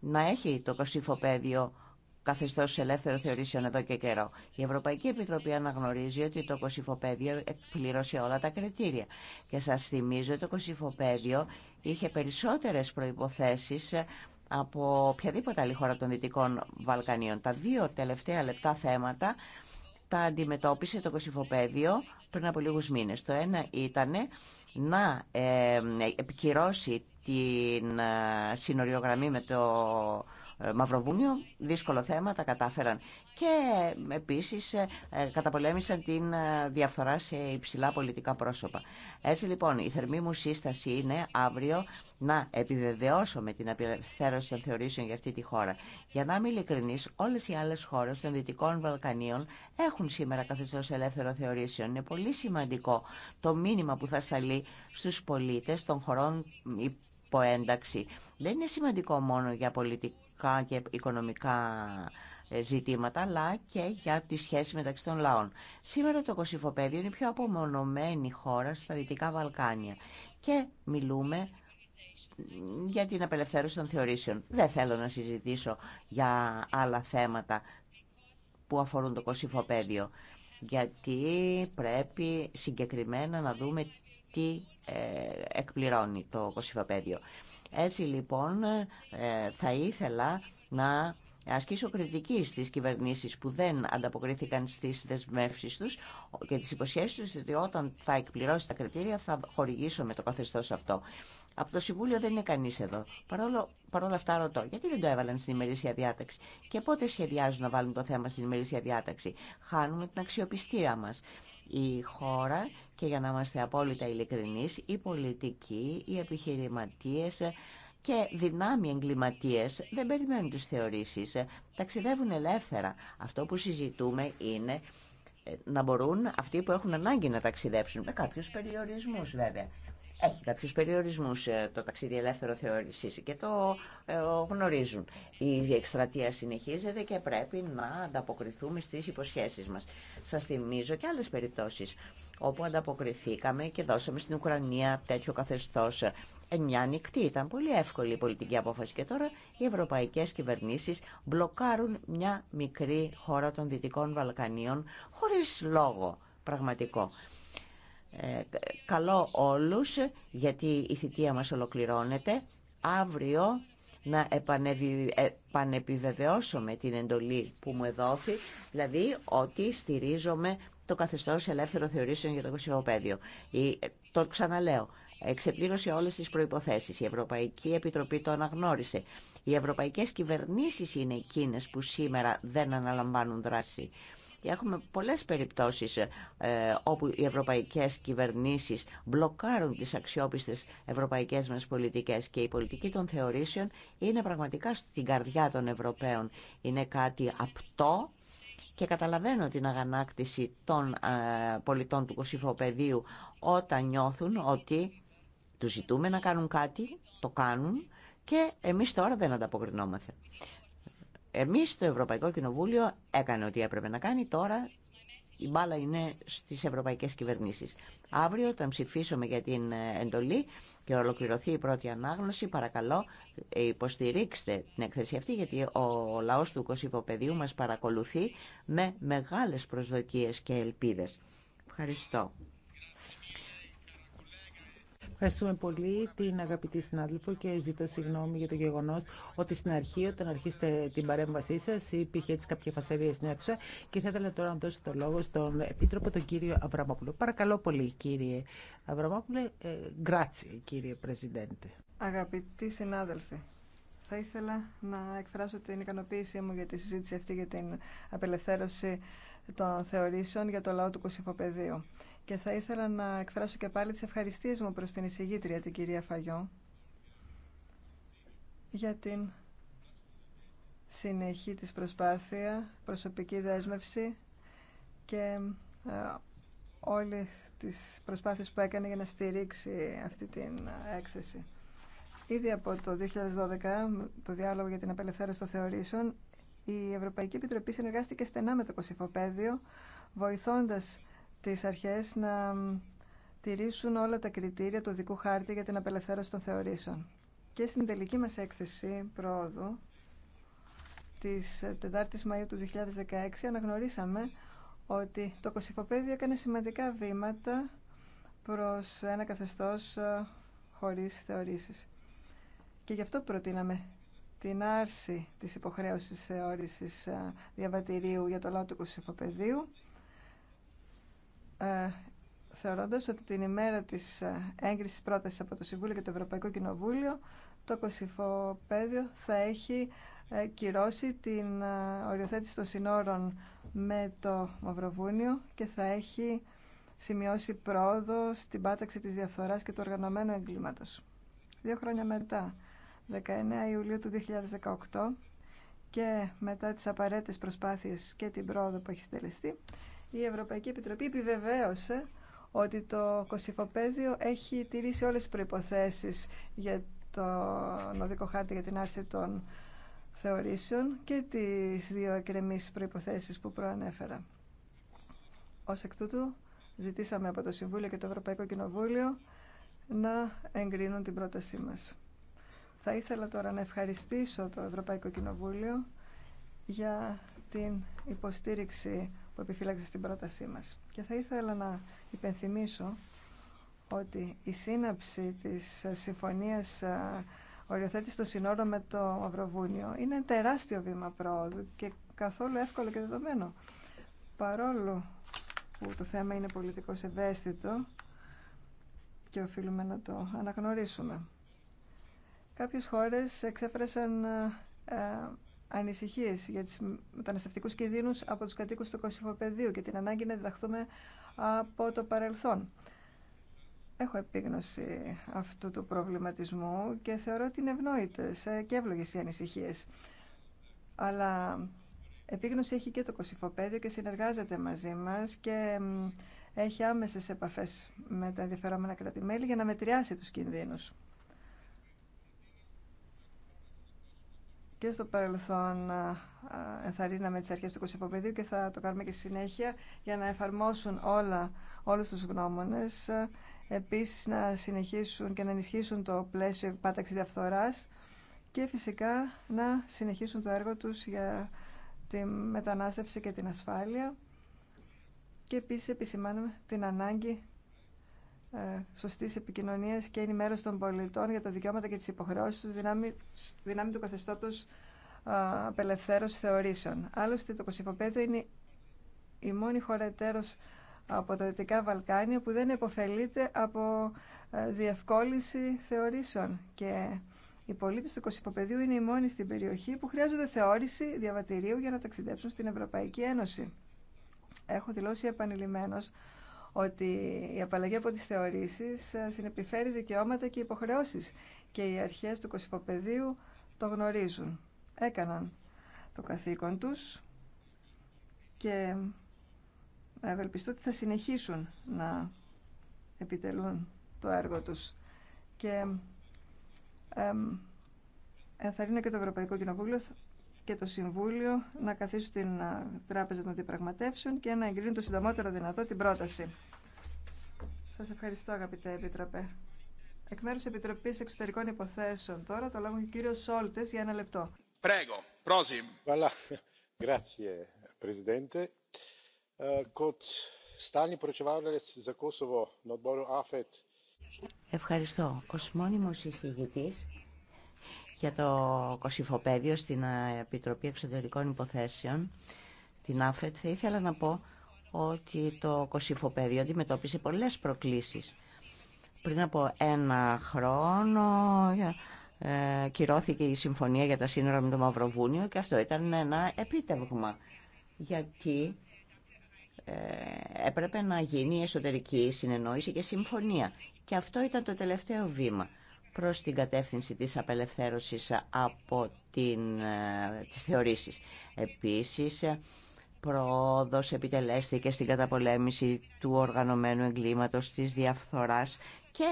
να έχει το Κωσυφοπαίδιο καθεστώ ελεύθερο θεωρήσεων εδώ και καιρό. Η Ευρωπαϊκή Επιτροπή αναγνωρίζει ότι το Κωσυφοπαίδιο εκπλήρωσε όλα τα κριτήρια. Και σα θυμίζω το Κωσυφοπαίδιο είχε περισσότερες προϋποθέσεις ε, από οποιαδήποτε άλλη χώρα των Δυτικών Βαλκανίων. Τα δύο τελευταία λεπτά θέματα τα αντιμετώπισε το κοσυφοπέδιο πριν από λίγους μήνες. Το ένα ήταν να ε, επικυρώσει την ε, συνοριογραμμή με το ε, Μαυροβούνιο, δύσκολο θέμα, τα κατάφεραν. Και επίσης ε, καταπολέμησαν την ε, διαφθορά σε υψηλά πολιτικά πρόσωπα. Έτσι λοιπόν η θερμή μου σύσταση είναι αύριο να επιβεβαιώσω με την απελευθέρωση των θεωρήσεων για αυτή τη χώρα. Για να είμαι ειλικρινή, όλε οι άλλε χώρε των Δυτικών Βαλκανίων έχουν σήμερα καθεστώ ελεύθερο θεωρήσεων. Είναι πολύ σημαντικό το μήνυμα που θα σταλεί στου πολίτε των χωρών υποένταξη. Δεν είναι σημαντικό μόνο για πολιτική και οικονομικά ε, ζητήματα, αλλά και για τη σχέση μεταξύ των λαών. Σήμερα το Κωσυφοπέδιο είναι η πιο απομονωμένη χώρα στα Δυτικά Βαλκάνια και μιλούμε για την απελευθέρωση των θεωρήσεων. Δεν θέλω να συζητήσω για άλλα θέματα που αφορούν το Κωσυφοπέδιο, γιατί πρέπει συγκεκριμένα να δούμε τι ε, εκπληρώνει το Κωσυφοπέδιο. Έτσι λοιπόν ε, θα ήθελα να ασκήσω κριτική στις κυβερνήσεις που δεν ανταποκρίθηκαν στις δεσμεύσεις τους και τις υποσχέσεις τους ότι όταν θα εκπληρώσει τα κριτήρια θα χορηγήσω με το καθεστώς αυτό. Από το Συμβούλιο δεν είναι κανείς εδώ. Παρόλο, παρόλα αυτά ρωτώ, γιατί δεν το έβαλαν στην ημερήσια διάταξη και πότε σχεδιάζουν να βάλουν το θέμα στην ημερήσια διάταξη. Χάνουμε την αξιοπιστία μας η χώρα και για να είμαστε απόλυτα ειλικρινείς, οι πολιτικοί, οι επιχειρηματίες και δυνάμοι εγκληματίε δεν περιμένουν τις θεωρήσεις, ταξιδεύουν ελεύθερα. Αυτό που συζητούμε είναι ε, να μπορούν αυτοί που έχουν ανάγκη να ταξιδέψουν, με κάποιους περιορισμούς βέβαια έχει κάποιου περιορισμούς ε, το ταξίδι ελεύθερο θεώρηση και το ε, γνωρίζουν. Η εκστρατεία συνεχίζεται και πρέπει να ανταποκριθούμε στι υποσχέσει μα. Σα θυμίζω και άλλε περιπτώσει. όπου ανταποκριθήκαμε και δώσαμε στην Ουκρανία τέτοιο καθεστώ εν μια νυχτή. Ήταν πολύ εύκολη η πολιτική απόφαση και τώρα οι Ευρωπαϊκέ κυβερνήσει μπλοκάρουν μια μικρή χώρα των Δυτικών Βαλκανίων χωρίς λόγο πραγματικό. Ε, καλό όλους, γιατί η θητεία μας ολοκληρώνεται, αύριο να επανεπιβεβαιώσουμε ε, την εντολή που μου εδόθη, δηλαδή ότι στηρίζομαι το καθεστώς ελεύθερο θεωρήσεων για το κοσυφοπαίδιο. Ε, το ξαναλέω, εξεπλήρωσε όλες τις προϋποθέσεις. Η Ευρωπαϊκή Επιτροπή το αναγνώρισε. Οι ευρωπαϊκές κυβερνήσεις είναι εκείνες που σήμερα δεν αναλαμβάνουν δράση. Έχουμε πολλές περιπτώσεις ε, όπου οι ευρωπαϊκές κυβερνήσεις μπλοκάρουν τις αξιόπιστες ευρωπαϊκές μας πολιτικές και η πολιτική των θεωρήσεων είναι πραγματικά στην καρδιά των Ευρωπαίων. Είναι κάτι απτό και καταλαβαίνω την αγανάκτηση των ε, πολιτών του Κωσυφοπεδίου όταν νιώθουν ότι τους ζητούμε να κάνουν κάτι, το κάνουν και εμείς τώρα δεν ανταποκρινόμαστε. Εμείς το Ευρωπαϊκό Κοινοβούλιο έκανε ό,τι έπρεπε να κάνει, τώρα η μπάλα είναι στις ευρωπαϊκές κυβερνήσεις. Αύριο θα ψηφίσουμε για την ε, εντολή και ολοκληρωθεί η πρώτη ανάγνωση, παρακαλώ ε, υποστηρίξτε την εκθέση αυτή γιατί ο λαός του Κωσυφοπεδίου μας παρακολουθεί με μεγάλες προσδοκίες και ελπίδες. Ευχαριστώ. Ευχαριστούμε πολύ την αγαπητή συνάδελφο και ζητώ συγγνώμη για το γεγονό ότι στην αρχή, όταν αρχίσετε την παρέμβασή σα, υπήρχε έτσι κάποια φασαρία στην αίθουσα και θα ήθελα τώρα να δώσω το λόγο στον Επίτροπο, τον κύριο Αβραμόπουλο. Παρακαλώ πολύ, κύριε Αβραμόπουλε. Γκράτσι, ε, κύριε Πρεζιντέντε. Αγαπητοί συνάδελφοι, θα ήθελα να εκφράσω την ικανοποίησή μου για τη συζήτηση αυτή για την απελευθέρωση των θεωρήσεων για το λαό του Κωσυφοπεδίου. Και θα ήθελα να εκφράσω και πάλι τις ευχαριστίες μου προς την εισηγήτρια, την κυρία Φαγιό, για την συνεχή της προσπάθεια, προσωπική δέσμευση και ε, όλες τις προσπάθειες που έκανε για να στηρίξει αυτή την έκθεση. Ήδη από το 2012, το διάλογο για την απελευθέρωση των θεωρήσεων, η Ευρωπαϊκή Επιτροπή συνεργάστηκε στενά με το Κωσυφοπαίδιο, βοηθώντας τις αρχές να τηρήσουν όλα τα κριτήρια του δικού χάρτη για την απελευθέρωση των θεωρήσεων. Και στην τελική μας έκθεση πρόοδου της 4 η Μαΐου του 2016 αναγνωρίσαμε ότι το Κωσυφοπαίδιο έκανε σημαντικά βήματα προς ένα καθεστώς ε, χωρίς θεωρήσεις. Και γι' αυτό προτείναμε την άρση της υποχρέωσης θεώρησης ε, διαβατηρίου για το λαό του Κωσυφοπεδίου ε, θεωρώντας ότι την ημέρα της ε, έγκρισης πρότασης από το Συμβούλιο και το Ευρωπαϊκό Κοινοβούλιο το Κωσυφοπέδιο θα έχει κυρώσει την οριοθέτηση των συνόρων με το Μαυροβούνιο και θα έχει σημειώσει πρόοδο στην πάταξη της διαφθοράς και του οργανωμένου εγκλήματος. Δύο χρόνια μετά, 19 Ιουλίου του 2018 και μετά τις απαραίτητες προσπάθειες και την πρόοδο που έχει στελεστεί, η Ευρωπαϊκή Επιτροπή επιβεβαίωσε ότι το κοσυφοπαίδιο έχει τηρήσει όλες τις προϋποθέσεις για το νοδικό χάρτη για την άρση των θεωρήσεων και τις δύο εκκρεμείς προϋποθέσεις που προανέφερα. Ως εκ τούτου, ζητήσαμε από το Συμβούλιο και το Ευρωπαϊκό Κοινοβούλιο να εγκρίνουν την πρότασή μας. Θα ήθελα τώρα να ευχαριστήσω το Ευρωπαϊκό Κοινοβούλιο για την υποστήριξη που επιφύλαξε στην πρότασή μας. Και θα ήθελα να υπενθυμίσω ότι η σύναψη της συμφωνίας οριοθέτηση των συνόρων με το Μαυροβούνιο είναι ένα τεράστιο βήμα πρόοδου και καθόλου εύκολο και δεδομένο. Παρόλο που το θέμα είναι πολιτικώς ευαίσθητο και οφείλουμε να το αναγνωρίσουμε. Κάποιες χώρες εξέφρασαν ε, ε, ανησυχίες για τις μεταναστευτικούς κινδύνους από τους κατοίκους του Κωσυφοπεδίου και την ανάγκη να διδαχθούμε από το παρελθόν. Έχω επίγνωση αυτού του προβληματισμού και θεωρώ ότι είναι ευνόητες ε, και εύλογες οι ανησυχίες. Αλλά επίγνωση έχει και το Κωσυφοπέδιο και συνεργάζεται μαζί μας και έχει άμεσες επαφές με τα ενδιαφερόμενα κρατημέλη για να μετριάσει τους κινδύνους. και στο παρελθόν ενθαρρύναμε τις αρχές του Κωσυφοπεδίου και θα το κάνουμε και στη συνέχεια για να εφαρμόσουν όλα, όλους τους γνώμονες. Επίσης να συνεχίσουν και να ενισχύσουν το πλαίσιο πάταξης διαφθοράς και φυσικά να συνεχίσουν το έργο τους για τη μετανάστευση και την ασφάλεια. Και επίσης επισημάνουμε την ανάγκη ε, σωστή επικοινωνία και ενημέρωση των πολιτών για τα δικαιώματα και τι υποχρεώσει του δυνάμει του καθεστώτο απελευθέρωση θεωρήσεων. Άλλωστε, το Κωσυφοπέδιο είναι η μόνη χώρα εταίρο από τα Δυτικά Βαλκάνια που δεν επωφελείται από ε, διευκόλυνση θεωρήσεων. Και οι πολίτε του Κωσυφοπεδίου είναι οι μόνοι στην περιοχή που χρειάζονται θεώρηση διαβατηρίου για να ταξιδέψουν στην Ευρωπαϊκή Ένωση. Έχω δηλώσει επανειλημμένω ότι η απαλλαγή από τις θεωρήσεις ε, συνεπιφέρει δικαιώματα και υποχρεώσεις και οι αρχές του κοσυφοπεδίου το γνωρίζουν. Έκαναν το καθήκον τους και ευελπιστώ ότι θα συνεχίσουν να επιτελούν το έργο τους. Και ενθαρρύνω και το Ευρωπαϊκό Κοινοβούλιο και το Συμβούλιο να καθίσουν στην ε, Τράπεζα των Διαπραγματεύσεων και να εγκρίνουν το συντομότερο δυνατό την πρόταση. Σας ευχαριστώ αγαπητέ Επίτροπε. Εκ μέρους Επιτροπής Εξωτερικών Υποθέσεων τώρα το λόγο ο κύριος Σόλτες για ένα λεπτό. Βαλά. Ε, ευχαριστώ. Ως μόνιμος εισηγητής για το Κωσυφοπαίδιο στην ε, Επιτροπή Εξωτερικών Υποθέσεων, την ΑΦΕΤ, θα ήθελα να πω ότι το Κωσυφοπαίδιο αντιμετώπισε πολλές προκλήσεις. Πριν από ένα χρόνο ε, κυρώθηκε η συμφωνία για τα σύνορα με το Μαυροβούνιο και αυτό ήταν ένα επίτευγμα. Γιατί ε, έπρεπε να γίνει εσωτερική συνεννόηση και συμφωνία. Και αυτό ήταν το τελευταίο βήμα προς την κατεύθυνση της απελευθέρωσης από την, ε, τις θεωρήσεις. Επίσης, πρόοδος επιτελέστηκε στην καταπολέμηση του οργανωμένου εγκλήματος της διαφθοράς και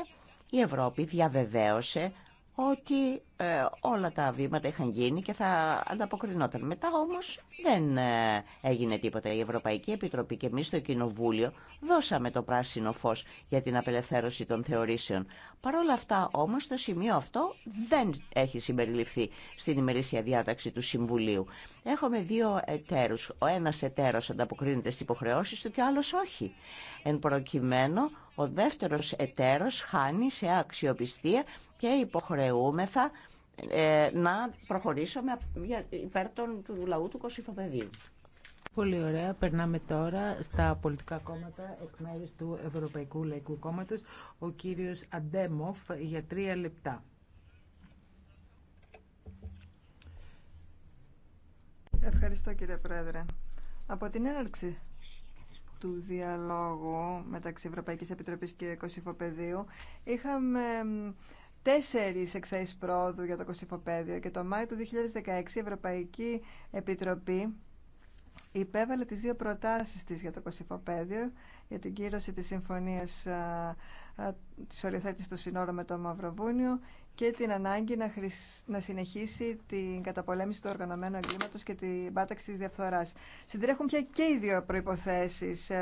η Ευρώπη διαβεβαίωσε ότι ε, όλα τα βήματα είχαν γίνει και θα ανταποκρινόταν. Μετά όμως δεν ε, έγινε τίποτα. Η Ευρωπαϊκή Επιτροπή και εμείς στο Κοινοβούλιο δώσαμε το πράσινο φως για την απελευθέρωση των θεωρήσεων. Παρ' όλα αυτά όμως το σημείο αυτό δεν έχει συμπεριληφθεί στην ημερήσια διάταξη του Συμβουλίου. Έχουμε δύο εταίρους. Ο ένας εταίρος ανταποκρίνεται στις υποχρεώσεις του και ο άλλος όχι. Εν προκειμένου ο δεύτερος εταίρος χάνει σε αξιοπιστία και υποχρεούμεθα ε, να προχωρήσουμε υπέρ των, του λαού του Κωσυφοπεδίου. Πολύ ωραία. Περνάμε τώρα στα πολιτικά κόμματα εκ μέρου του Ευρωπαϊκού Λαϊκού Κόμματο. Ο κύριο Αντέμοφ για τρία λεπτά. Ευχαριστώ κύριε Πρόεδρε. Από την έναρξη του διαλόγου μεταξύ Ευρωπαϊκής Επιτροπής και Κωσυφοπεδίου είχαμε τέσσερις εκθέσεις πρόοδου για το Κωσυφοπέδιο και το Μάιο του 2016 η Ευρωπαϊκή Επιτροπή υπέβαλε τις δύο προτάσεις της για το Κωσυφοπέδιο για την κύρωση της συμφωνίας της οριοθέτησης του συνόρου με το Μαυροβούνιο και την ανάγκη να, να συνεχίσει την καταπολέμηση του οργανωμένου εγκλήματο και την πάταξη τη διαφθορά. Συντρέχουν πια και οι δύο προποθέσει. Ε,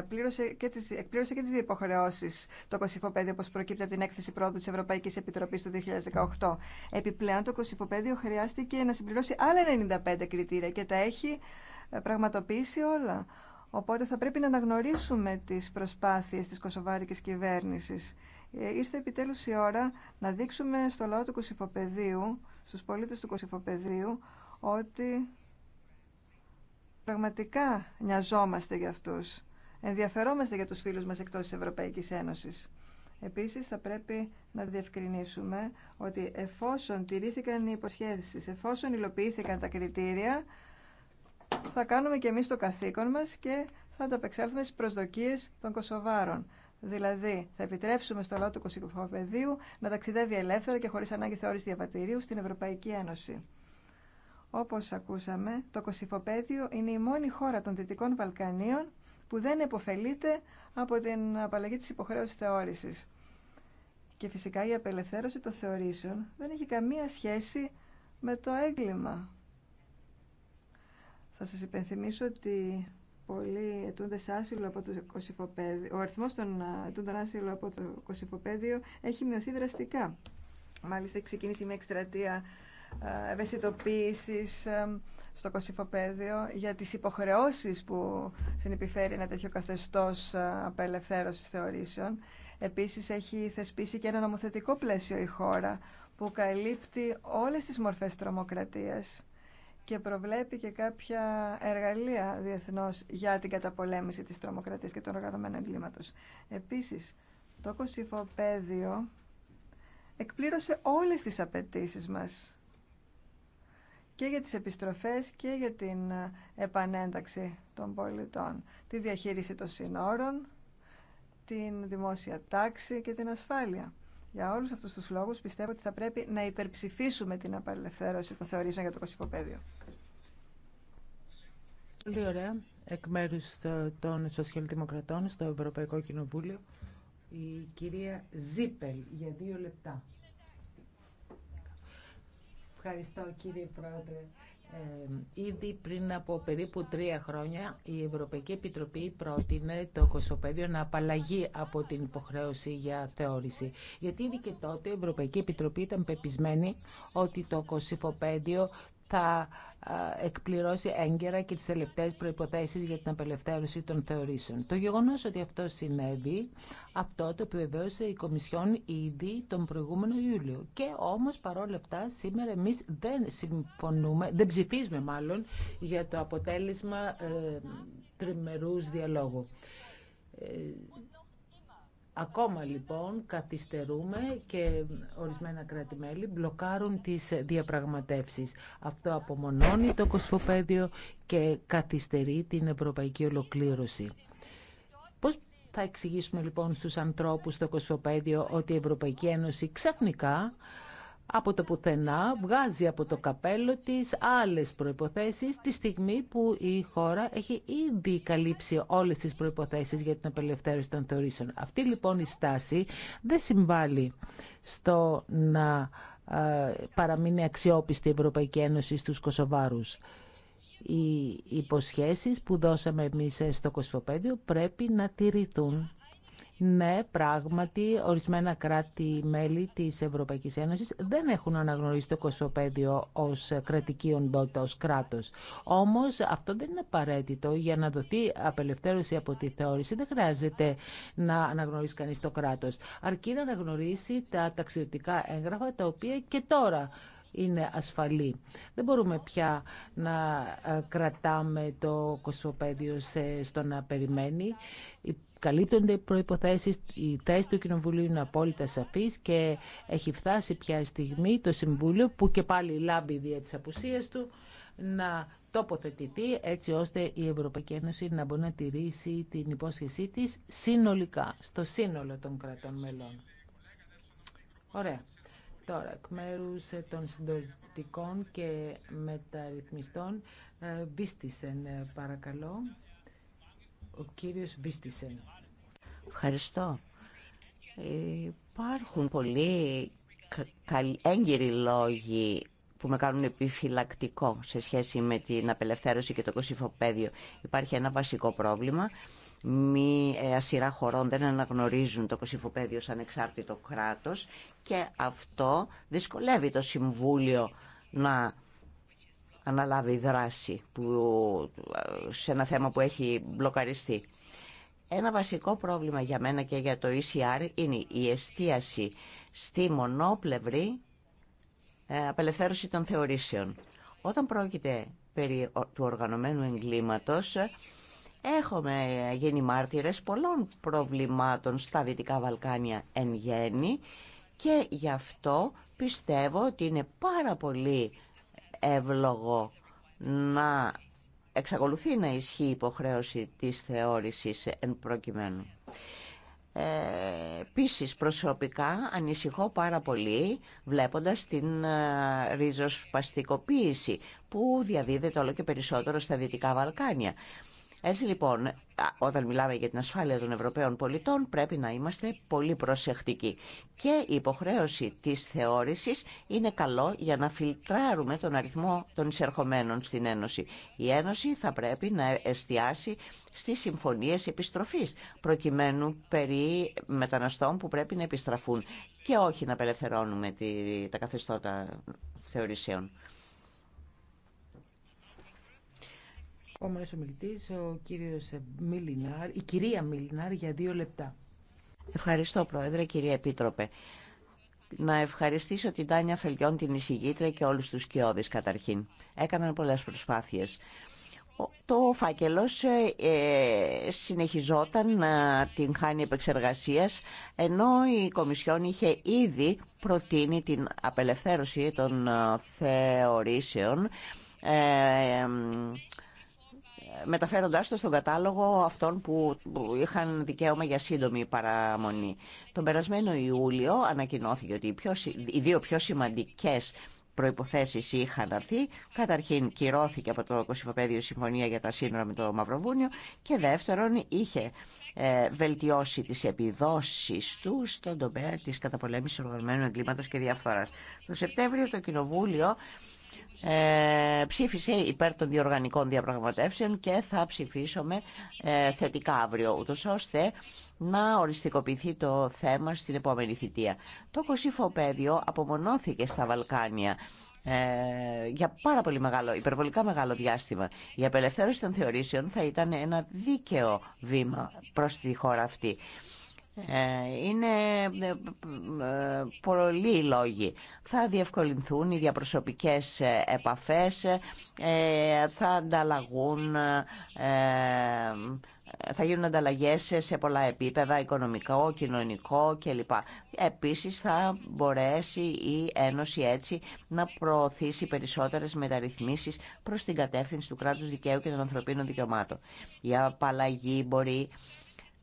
εκπλήρωσε και τι δύο υποχρεώσει το Κωσυφοπέδιο, όπω προκύπτει από την έκθεση πρόοδου τη Ευρωπαϊκή Επιτροπή του 2018. Επιπλέον, το Κωσυφοπέδιο χρειάστηκε να συμπληρώσει άλλα 95 κριτήρια και τα έχει ε, πραγματοποιήσει όλα. Οπότε θα πρέπει να αναγνωρίσουμε τις προσπάθειες της κοσοβάρικης κυβέρνησης ε, ήρθε επιτέλους η ώρα να δείξουμε στο λαό του Κωσυφοπεδίου, στους πολίτες του Κωσυφοπεδίου, ότι πραγματικά νοιαζόμαστε για αυτούς. Ενδιαφερόμαστε για τους φίλους μας εκτός της Ευρωπαϊκής Ένωσης. Επίσης θα πρέπει να διευκρινίσουμε ότι εφόσον τηρήθηκαν οι υποσχέσεις, εφόσον υλοποιήθηκαν τα κριτήρια, θα κάνουμε και εμείς το καθήκον μας και θα ανταπεξέλθουμε στις προσδοκίες των Κωσοβάρων. Δηλαδή, θα επιτρέψουμε στο λαό του κοσυκοπαιδίου να ταξιδεύει ελεύθερα και χωρίς ανάγκη θεώρηση διαβατηρίου στην Ευρωπαϊκή Ένωση. Όπως ακούσαμε, το Κωσυφοπαίδιο είναι η μόνη χώρα των Δυτικών Βαλκανίων που δεν επωφελείται από την απαλλαγή τη υποχρέωσης θεώρηση. Και φυσικά η απελευθέρωση των θεωρήσεων δεν έχει καμία σχέση με το έγκλημα. Θα σας υπενθυμίσω ότι πολύ ετούντες άσυλο από το κοσυφοπέδιο, ο αριθμός των ετούντων άσυλο από το κοσυφοπέδιο έχει μειωθεί δραστικά. Μάλιστα ξεκίνησε μια εκστρατεία ευαισθητοποίησης στο κοσιφοπέδιο για τις υποχρεώσεις που συνεπιφέρει ένα τέτοιο καθεστώς απελευθέρωσης θεωρήσεων. Επίσης έχει θεσπίσει και ένα νομοθετικό πλαίσιο η χώρα που καλύπτει όλες τις μορφές τρομοκρατίας και προβλέπει και κάποια εργαλεία διεθνώς για την καταπολέμηση της τρομοκρατίας και των οργανωμένων εγκλήματος. Επίσης, το κοσυφοπαίδιο εκπλήρωσε όλες τις απαιτήσεις μας και για τις επιστροφές και για την επανένταξη των πολιτών, τη διαχείριση των συνόρων, την δημόσια τάξη και την ασφάλεια. Για όλους αυτούς τους λόγους πιστεύω ότι θα πρέπει να υπερψηφίσουμε την απελευθέρωση των θεωρήσεων για το κοσυφοπαίδιο. Πολύ ωραία. Εκ μέρου ε, των Σοσιαλδημοκρατών στο Ευρωπαϊκό Κοινοβούλιο, η κυρία Ζίπελ για δύο λεπτά. Ευχαριστώ κύριε Πρόεδρε. Ε, ήδη πριν από περίπου τρία χρόνια η Ευρωπαϊκή Επιτροπή πρότεινε το κοσοπέδιο να απαλλαγεί από την υποχρέωση για θεώρηση. Γιατί ήδη και τότε η Ευρωπαϊκή Επιτροπή ήταν πεπισμένη ότι το κοσυφοπέδιο θα εκπληρώσει έγκαιρα και τις τελευταίες προϋποθέσεις για την απελευθέρωση των θεωρήσεων. Το γεγονός ότι αυτό συνέβη, αυτό το επιβεβαίωσε η Κομισιόν ήδη τον προηγούμενο Ιούλιο. Και όμως παρόλα αυτά σήμερα εμείς δεν συμφωνούμε, δεν ψηφίζουμε μάλλον για το αποτέλεσμα ε, τριμερούς διαλόγου. Ε, Ακόμα λοιπόν καθυστερούμε και ορισμένα κράτη-μέλη μπλοκάρουν τις διαπραγματεύσεις. Αυτό απομονώνει το κοσφοπέδιο και καθυστερεί την ευρωπαϊκή ολοκλήρωση. Πώς θα εξηγήσουμε λοιπόν στους ανθρώπους στο κοσφοπέδιο ότι η Ευρωπαϊκή Ένωση ξαφνικά από το πουθενά βγάζει από το καπέλο της άλλες προϋποθέσεις τη στιγμή που η χώρα έχει ήδη καλύψει όλες τις προϋποθέσεις για την απελευθέρωση των θεωρήσεων. Αυτή λοιπόν η στάση δεν συμβάλλει στο να ε, παραμείνει αξιόπιστη η Ευρωπαϊκή Ένωση στους Κωσοβάρους. Οι υποσχέσεις που δώσαμε εμείς στο κοσφοπέδιο πρέπει να τηρηθούν. Ναι, πράγματι, ορισμένα κράτη-μέλη της Ευρωπαϊκής Ένωσης δεν έχουν αναγνωρίσει το κοσοπέδιο ως κρατική οντότητα, ως κράτος. Όμως αυτό δεν είναι απαραίτητο για να δοθεί απελευθέρωση από τη θεώρηση. Δεν χρειάζεται να αναγνωρίσει κανείς το κράτος. Αρκεί να αναγνωρίσει τα ταξιδιωτικά έγγραφα τα οποία και τώρα είναι ασφαλή. Δεν μπορούμε πια να ε, κρατάμε το κοσμοπέδιο στο να περιμένει. Καλύπτονται οι προϋποθέσεις, η θέση του Κοινοβουλίου είναι απόλυτα σαφής και έχει φτάσει πια η στιγμή το Συμβούλιο που και πάλι λάμπει δια της απουσίας του να τοποθετηθεί έτσι ώστε η Ευρωπαϊκή Ένωση να μπορεί να τηρήσει την υπόσχεσή της συνολικά, στο σύνολο των κρατών μελών. Ωραία. Τώρα, εκ μέρου ε, των συντοριτικών και μεταρρυθμιστών, ε, Βίστησεν, ε, παρακαλώ. Ο κύριος Βίστησεν. Ευχαριστώ. Υπάρχουν πολλοί έγκυροι λόγοι που με κάνουν επιφυλακτικό σε σχέση με την απελευθέρωση και το κοσυφοπαίδιο. Υπάρχει ένα βασικό πρόβλημα μη ε, ασυρά χωρών δεν αναγνωρίζουν το Κωσυφοπαίδιο σαν εξάρτητο κράτος και αυτό δυσκολεύει το Συμβούλιο να αναλάβει δράση που, σε ένα θέμα που έχει μπλοκαριστεί. Ένα βασικό πρόβλημα για μένα και για το ECR είναι η εστίαση στη μονόπλευρη ε, απελευθέρωση των θεωρήσεων. Όταν πρόκειται περί του οργανωμένου εγκλήματος, Έχουμε γίνει μάρτυρες πολλών προβλημάτων στα Δυτικά Βαλκάνια εν γέννη και γι' αυτό πιστεύω ότι είναι πάρα πολύ εύλογο να εξακολουθεί να ισχύει η υποχρέωση της θεώρησης εν προκειμένου. Ε, Επίση, προσωπικά ανησυχώ πάρα πολύ βλέποντας την ε, ριζοσπαστικοποίηση που διαδίδεται όλο και περισσότερο στα Δυτικά Βαλκάνια. Έτσι λοιπόν, όταν μιλάμε για την ασφάλεια των Ευρωπαίων πολιτών, πρέπει να είμαστε πολύ προσεκτικοί. Και η υποχρέωση της θεώρησης είναι καλό για να φιλτράρουμε τον αριθμό των εισερχομένων στην Ένωση. Η Ένωση θα πρέπει να εστιάσει στις συμφωνίες επιστροφής, προκειμένου περί μεταναστών που πρέπει να επιστραφούν και όχι να απελευθερώνουμε τα καθεστώτα θεωρησέων. ο ομιλητή, ο κύριος Μιλινάρ, η κυρία Μιλινάρ για δύο λεπτά. Ευχαριστώ Πρόεδρε, κυρία Επίτροπε. Να ευχαριστήσω την Τάνια Φελιών, την εισηγήτρια και όλους τους κοιόδης καταρχήν. Έκαναν πολλές προσπάθειες. Το φάκελος ε, συνεχιζόταν την χάνει επεξεργασίας, ενώ η Κομισιόν είχε ήδη προτείνει την απελευθέρωση των ε, θεωρήσεων ε, μεταφέροντάς το στον κατάλογο αυτών που είχαν δικαίωμα για σύντομη παραμονή. Τον περασμένο Ιούλιο ανακοινώθηκε ότι οι, δύο πιο σημαντικές προϋποθέσεις είχαν αρθεί. Καταρχήν κυρώθηκε από το Κωσυφοπαίδιο Συμφωνία για τα σύνορα με το Μαυροβούνιο και δεύτερον είχε ε, βελτιώσει τις επιδόσεις του στον τομέα της καταπολέμησης οργανωμένου εγκλήματος και διαφθοράς. Το Σεπτέμβριο το Κοινοβούλιο ε, ψήφισε υπέρ των διοργανικών διαπραγματεύσεων και θα ψηφίσουμε ε, θετικά αύριο, ούτω ώστε να οριστικοποιηθεί το θέμα στην επόμενη θητεία. Το Πέδιο απομονώθηκε στα Βαλκάνια ε, για πάρα πολύ μεγάλο, υπερβολικά μεγάλο διάστημα. Η απελευθέρωση των θεωρήσεων θα ήταν ένα δίκαιο βήμα προς τη χώρα αυτή. Ε, είναι ε, ε, πολλοί λόγοι. Θα διευκολυνθούν οι διαπροσωπικές επαφές, θα ανταλλαγούν, θα γίνουν ανταλλαγές σε πολλά επίπεδα, οικονομικό, κοινωνικό κλπ. Επίσης θα μπορέσει η Ένωση έτσι να προωθήσει περισσότερες μεταρρυθμίσεις προς την κατεύθυνση του κράτους δικαίου και των ανθρωπίνων δικαιωμάτων. Η απαλλαγή μπορεί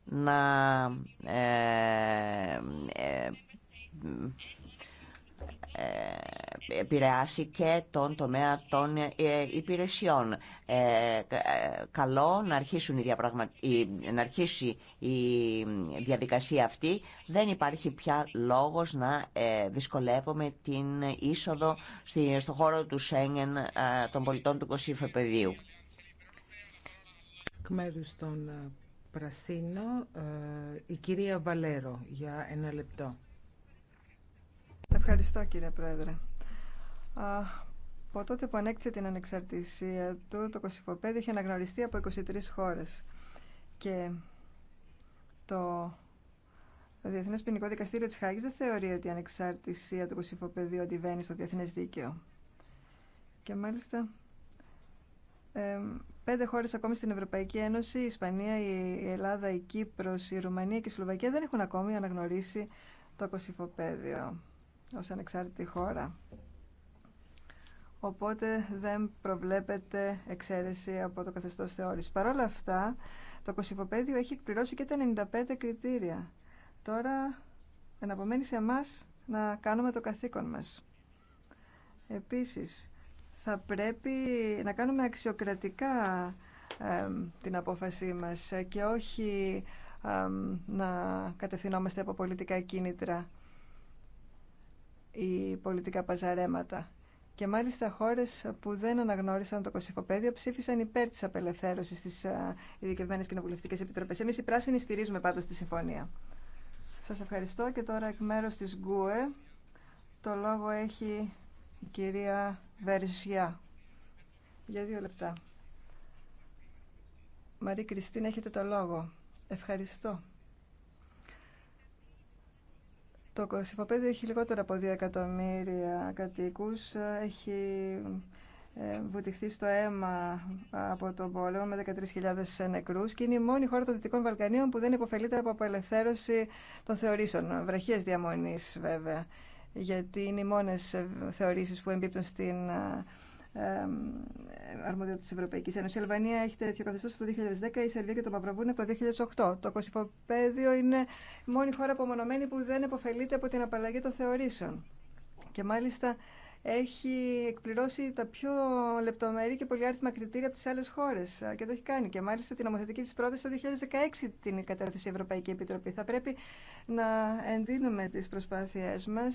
να ε, ε, ε, επηρεάσει και τον τομέα των υπηρεσιών. καλό να, αρχίσουν να αρχίσει η διαδικασία αυτή. Δεν υπάρχει πια λόγος να δυσκολεύουμε την είσοδο στο χώρο του Σέγγεν των πολιτών του κοσύφε Πεδίου. Πρασίνο, ε, η κυρία Βαλέρο, για ένα λεπτό. Ευχαριστώ κύριε Πρόεδρε. Από τότε που ανέκτησε την ανεξαρτησία του, το Κωσυφοπέδιο είχε αναγνωριστεί από 23 χώρες. Και το Διεθνές Ποινικό Δικαστήριο της Χάγης δεν θεωρεί ότι η ανεξαρτησία του Κωσυφοπέδιου αντιβαίνει στο διεθνές δίκαιο. Και μάλιστα πέντε χώρε ακόμη στην Ευρωπαϊκή Ένωση, η Ισπανία, η Ελλάδα, η Κύπρος, η Ρουμανία και η Σλοβακία δεν έχουν ακόμη αναγνωρίσει το κοσυφοπαίδιο ως ανεξάρτητη χώρα. Οπότε δεν προβλέπεται εξαίρεση από το καθεστώ θεώρηση. Παρ' όλα αυτά, το κωσυφοπαίδιο έχει εκπληρώσει και τα 95 κριτήρια. Τώρα εναπομένει σε εμά να κάνουμε το καθήκον μας. Επίσης, θα πρέπει να κάνουμε αξιοκρατικά την απόφασή μας και όχι να κατευθυνόμαστε από πολιτικά κίνητρα ή πολιτικά παζαρέματα. Και μάλιστα χώρες που δεν αναγνώρισαν το κοσυφοπαίδιο ψήφισαν υπέρ της απελευθέρωσης της ε, Ειδικευμένες Κοινοβουλευτικές Επιτροπές. Εμείς οι πράσινοι στηρίζουμε πάντως τη συμφωνία. Σας ευχαριστώ και τώρα εκ μέρους της ΓΚΟΕ το λόγο έχει η κυρία Βερζιά. Για δύο λεπτά. Μαρή Κριστίν, έχετε το λόγο. Ευχαριστώ. Το Κωσυφοπέδιο έχει λιγότερο από 2 εκατομμύρια κατοίκους. Έχει ε, βουτυχθεί στο αίμα από τον πόλεμο με 13.000 νεκρούς και είναι η μόνη χώρα των Δυτικών Βαλκανίων που δεν υποφελείται από απελευθέρωση των θεωρήσεων. Βραχίας διαμονής βέβαια γιατί είναι οι μόνες ε, θεωρήσεις που εμπίπτουν στην ε, αρμοδιότητα της Ευρωπαϊκής Ένωσης. Η Αλβανία έχει τέτοιο καθεστώς από το 2010, η Σερβία και το Μαυροβούνιο από το 2008. Το Κωσυφοπαίδιο είναι η μόνη χώρα απομονωμένη που δεν επωφελείται από την απαλλαγή των θεωρήσεων. Και μάλιστα έχει εκπληρώσει τα πιο λεπτομερή και πολυάριθμα κριτήρια από τι άλλε χώρε. Και το έχει κάνει. Και μάλιστα την νομοθετική τη πρόταση το 2016 την κατέθεσε η Ευρωπαϊκή Επιτροπή. Θα πρέπει να εντείνουμε τι προσπάθειέ μα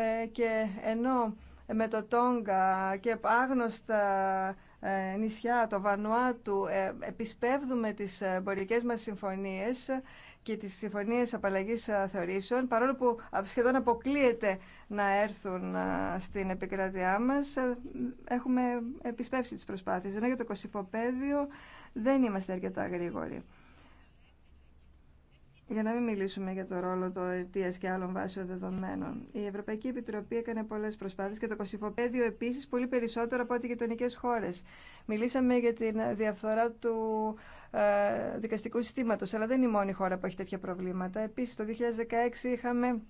ε, και ενώ με το Τόγκα και άγνωστα ε, νησιά, το Βανουάτου, ε, επισπεύδουμε τις εμπορικές μας συμφωνίες, και τις συμφωνίες απαλλαγής ε, θεωρήσεων, παρόλο που σχεδόν αποκλείεται να έρθουν ε, στην επικράτειά μας, ε, έχουμε επισπεύσει τις προσπάθειες. Ενώ για το κοσυφοπαίδιο δεν είμαστε αρκετά γρήγοροι. Για να μην μιλήσουμε για το ρόλο του αιτία και άλλων βάσεων δεδομένων. Η Ευρωπαϊκή Επιτροπή έκανε πολλέ προσπάθειε και το Κωσυφοπέδιο επίση πολύ περισσότερο από ό,τι γειτονικέ χώρε. Μιλήσαμε για τη διαφθορά του ε, δικαστικού συστήματο, αλλά δεν είναι η μόνη χώρα που έχει τέτοια προβλήματα. Επίση, το 2016 είχαμε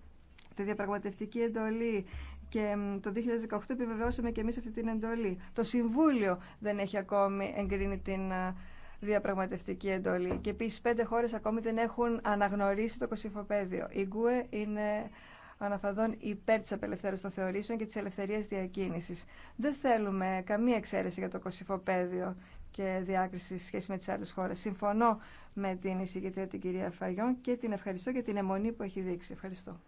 τη διαπραγματευτική εντολή και το 2018 επιβεβαιώσαμε και εμεί αυτή την εντολή. Το Συμβούλιο δεν έχει ακόμη εγκρίνει την ε, διαπραγματευτική εντολή. Και επίση πέντε χώρε ακόμη δεν έχουν αναγνωρίσει το κοσυφοπαίδιο. Η Γκουε είναι αναφαδόν υπέρ τη απελευθέρωση των θεωρήσεων και τη ελευθερία διακίνηση. Δεν θέλουμε καμία εξαίρεση για το κοσυφοπαίδιο και διάκριση σε σχέση με τι άλλε χώρε. Συμφωνώ με την εισηγητρία την κυρία Φαγιόν και την ευχαριστώ για την αιμονή που έχει δείξει. Ευχαριστώ.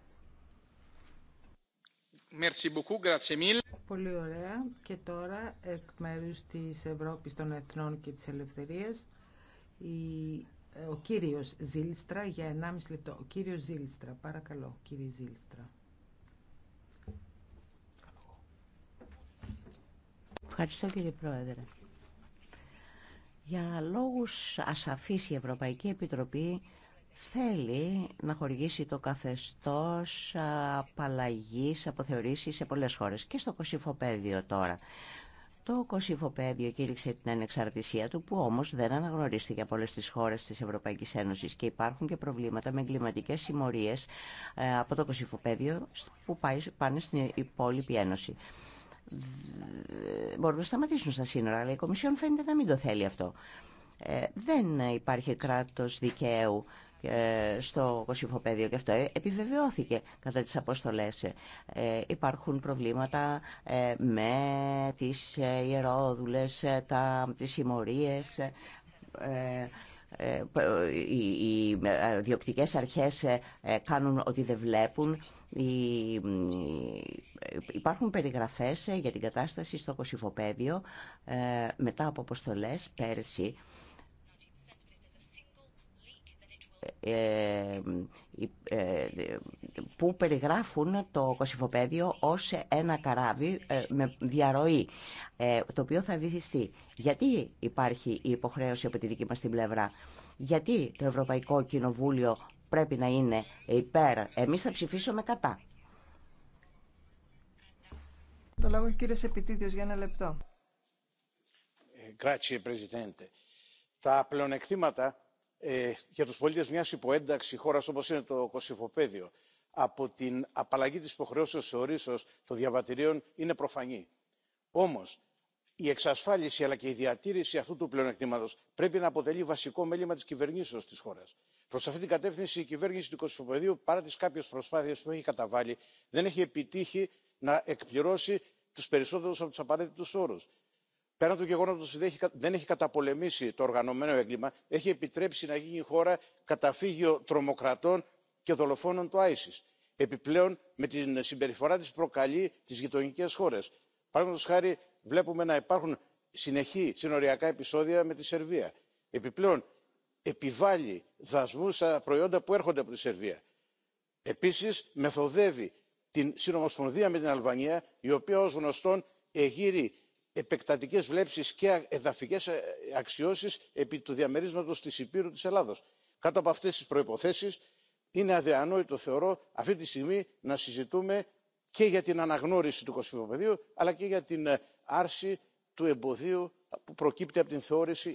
Πολύ ωραία. Και τώρα, εκ μέρου τη Ευρώπη των Εθνών και τη Ελευθερία, ο κύριο Ζήλστρα για 1,5 λεπτό. Ο κύριο Ζήλστρα, παρακαλώ, κύριε Ζήλστρα. Ευχαριστώ κύριε Πρόεδρε. Για λόγους ασαφής η Ευρωπαϊκή Επιτροπή θέλει να χορηγήσει το καθεστώς απαλλαγής, αποθεωρήσει σε πολλές χώρες και στο κοσυφοπαίδιο τώρα. Το κοσυφοπαίδιο κήρυξε την ανεξαρτησία του που όμως δεν αναγνωρίστηκε από όλες τις χώρες της Ευρωπαϊκής Ένωσης και υπάρχουν και προβλήματα με εγκληματικέ συμμορίες ε, από το κοσυφοπαίδιο που πάνε στην υπόλοιπη Ένωση. Μπορούν να σταματήσουν στα σύνορα, αλλά η Κομισιόν φαίνεται να μην το θέλει αυτό. Ε, δεν υπάρχει κράτος δικαίου ε, στο Κωσυφοπαίδιο και αυτό ε, επιβεβαιώθηκε κατά τις αποστολές. Ε. Υπάρχουν προβλήματα με τις ιερόδουλες, τα, τις συμμορίες, οι διοκτικές αρχές κάνουν ότι δεν βλέπουν. Υπάρχουν περιγραφές για την κατάσταση στο Κωσυφοπαίδιο μετά από αποστολές πέρσι ε, ε, ε, που περιγράφουν το κοσυφοπέδιο ως ένα καράβι με διαρροή, το οποίο θα βυθιστεί. Γιατί υπάρχει η υποχρέωση από τη δική μας την πλευρά. Γιατί το Ευρωπαϊκό Κοινοβούλιο πρέπει να είναι υπέρ. Εμείς θα ψηφίσουμε κατά. Το λόγο έχει για ένα λεπτό. Grazie, Presidente. Τα πλεονεκτήματα ε, για τους πολίτες μιας υποένταξη χώρας όπως είναι το κωσυφοπαίδιο από την απαλλαγή της υποχρεώσεως θεωρήσεως των διαβατηρίων είναι προφανή. όμως η εξασφάλιση αλλά και η διατήρηση αυτού του πλεονεκτήματος πρέπει να αποτελεί βασικό μέλημα της κυβερνήσεως της χώρας. προς αυτή την κατεύθυνση η κυβέρνηση του κωσυφοπαιδίου παρά τις κάποιες προσπάθειες που έχει καταβάλει δεν έχει επιτύχει να εκπληρώσει τους περισσότερους από τους απαραίτητους όρους πέραν του γεγονότο ότι δεν έχει καταπολεμήσει το οργανωμένο έγκλημα έχει επιτρέψει να γίνει η χώρα καταφύγιο τρομοκρατών και δολοφόνων του isis. επιπλέον με την συμπεριφορά τη προκαλεί τι γειτονικέ χώρε. παραδείγματο χάρη βλέπουμε να υπάρχουν συνεχή συνοριακά επεισόδια με τη σερβία. επιπλέον επιβάλλει δασμού στα προϊόντα που έρχονται από τη σερβία. Επίση, μεθοδεύει την συνομοσπονδία με την αλβανία η οποία ω γνωστόν εγείρει επεκτατικές βλέψεις και εδαφικές ε, αξιώσεις επί του διαμερίσματος της υπήρου της ελλάδος. κάτω από αυτές τις προϋποθέσεις είναι αδιανόητο θεωρώ αυτή τη στιγμή να συζητούμε και για την αναγνώριση του κωσυφοπεδίου αλλά και για την ε, άρση του εμποδίου που προκύπτει από την θεώρηση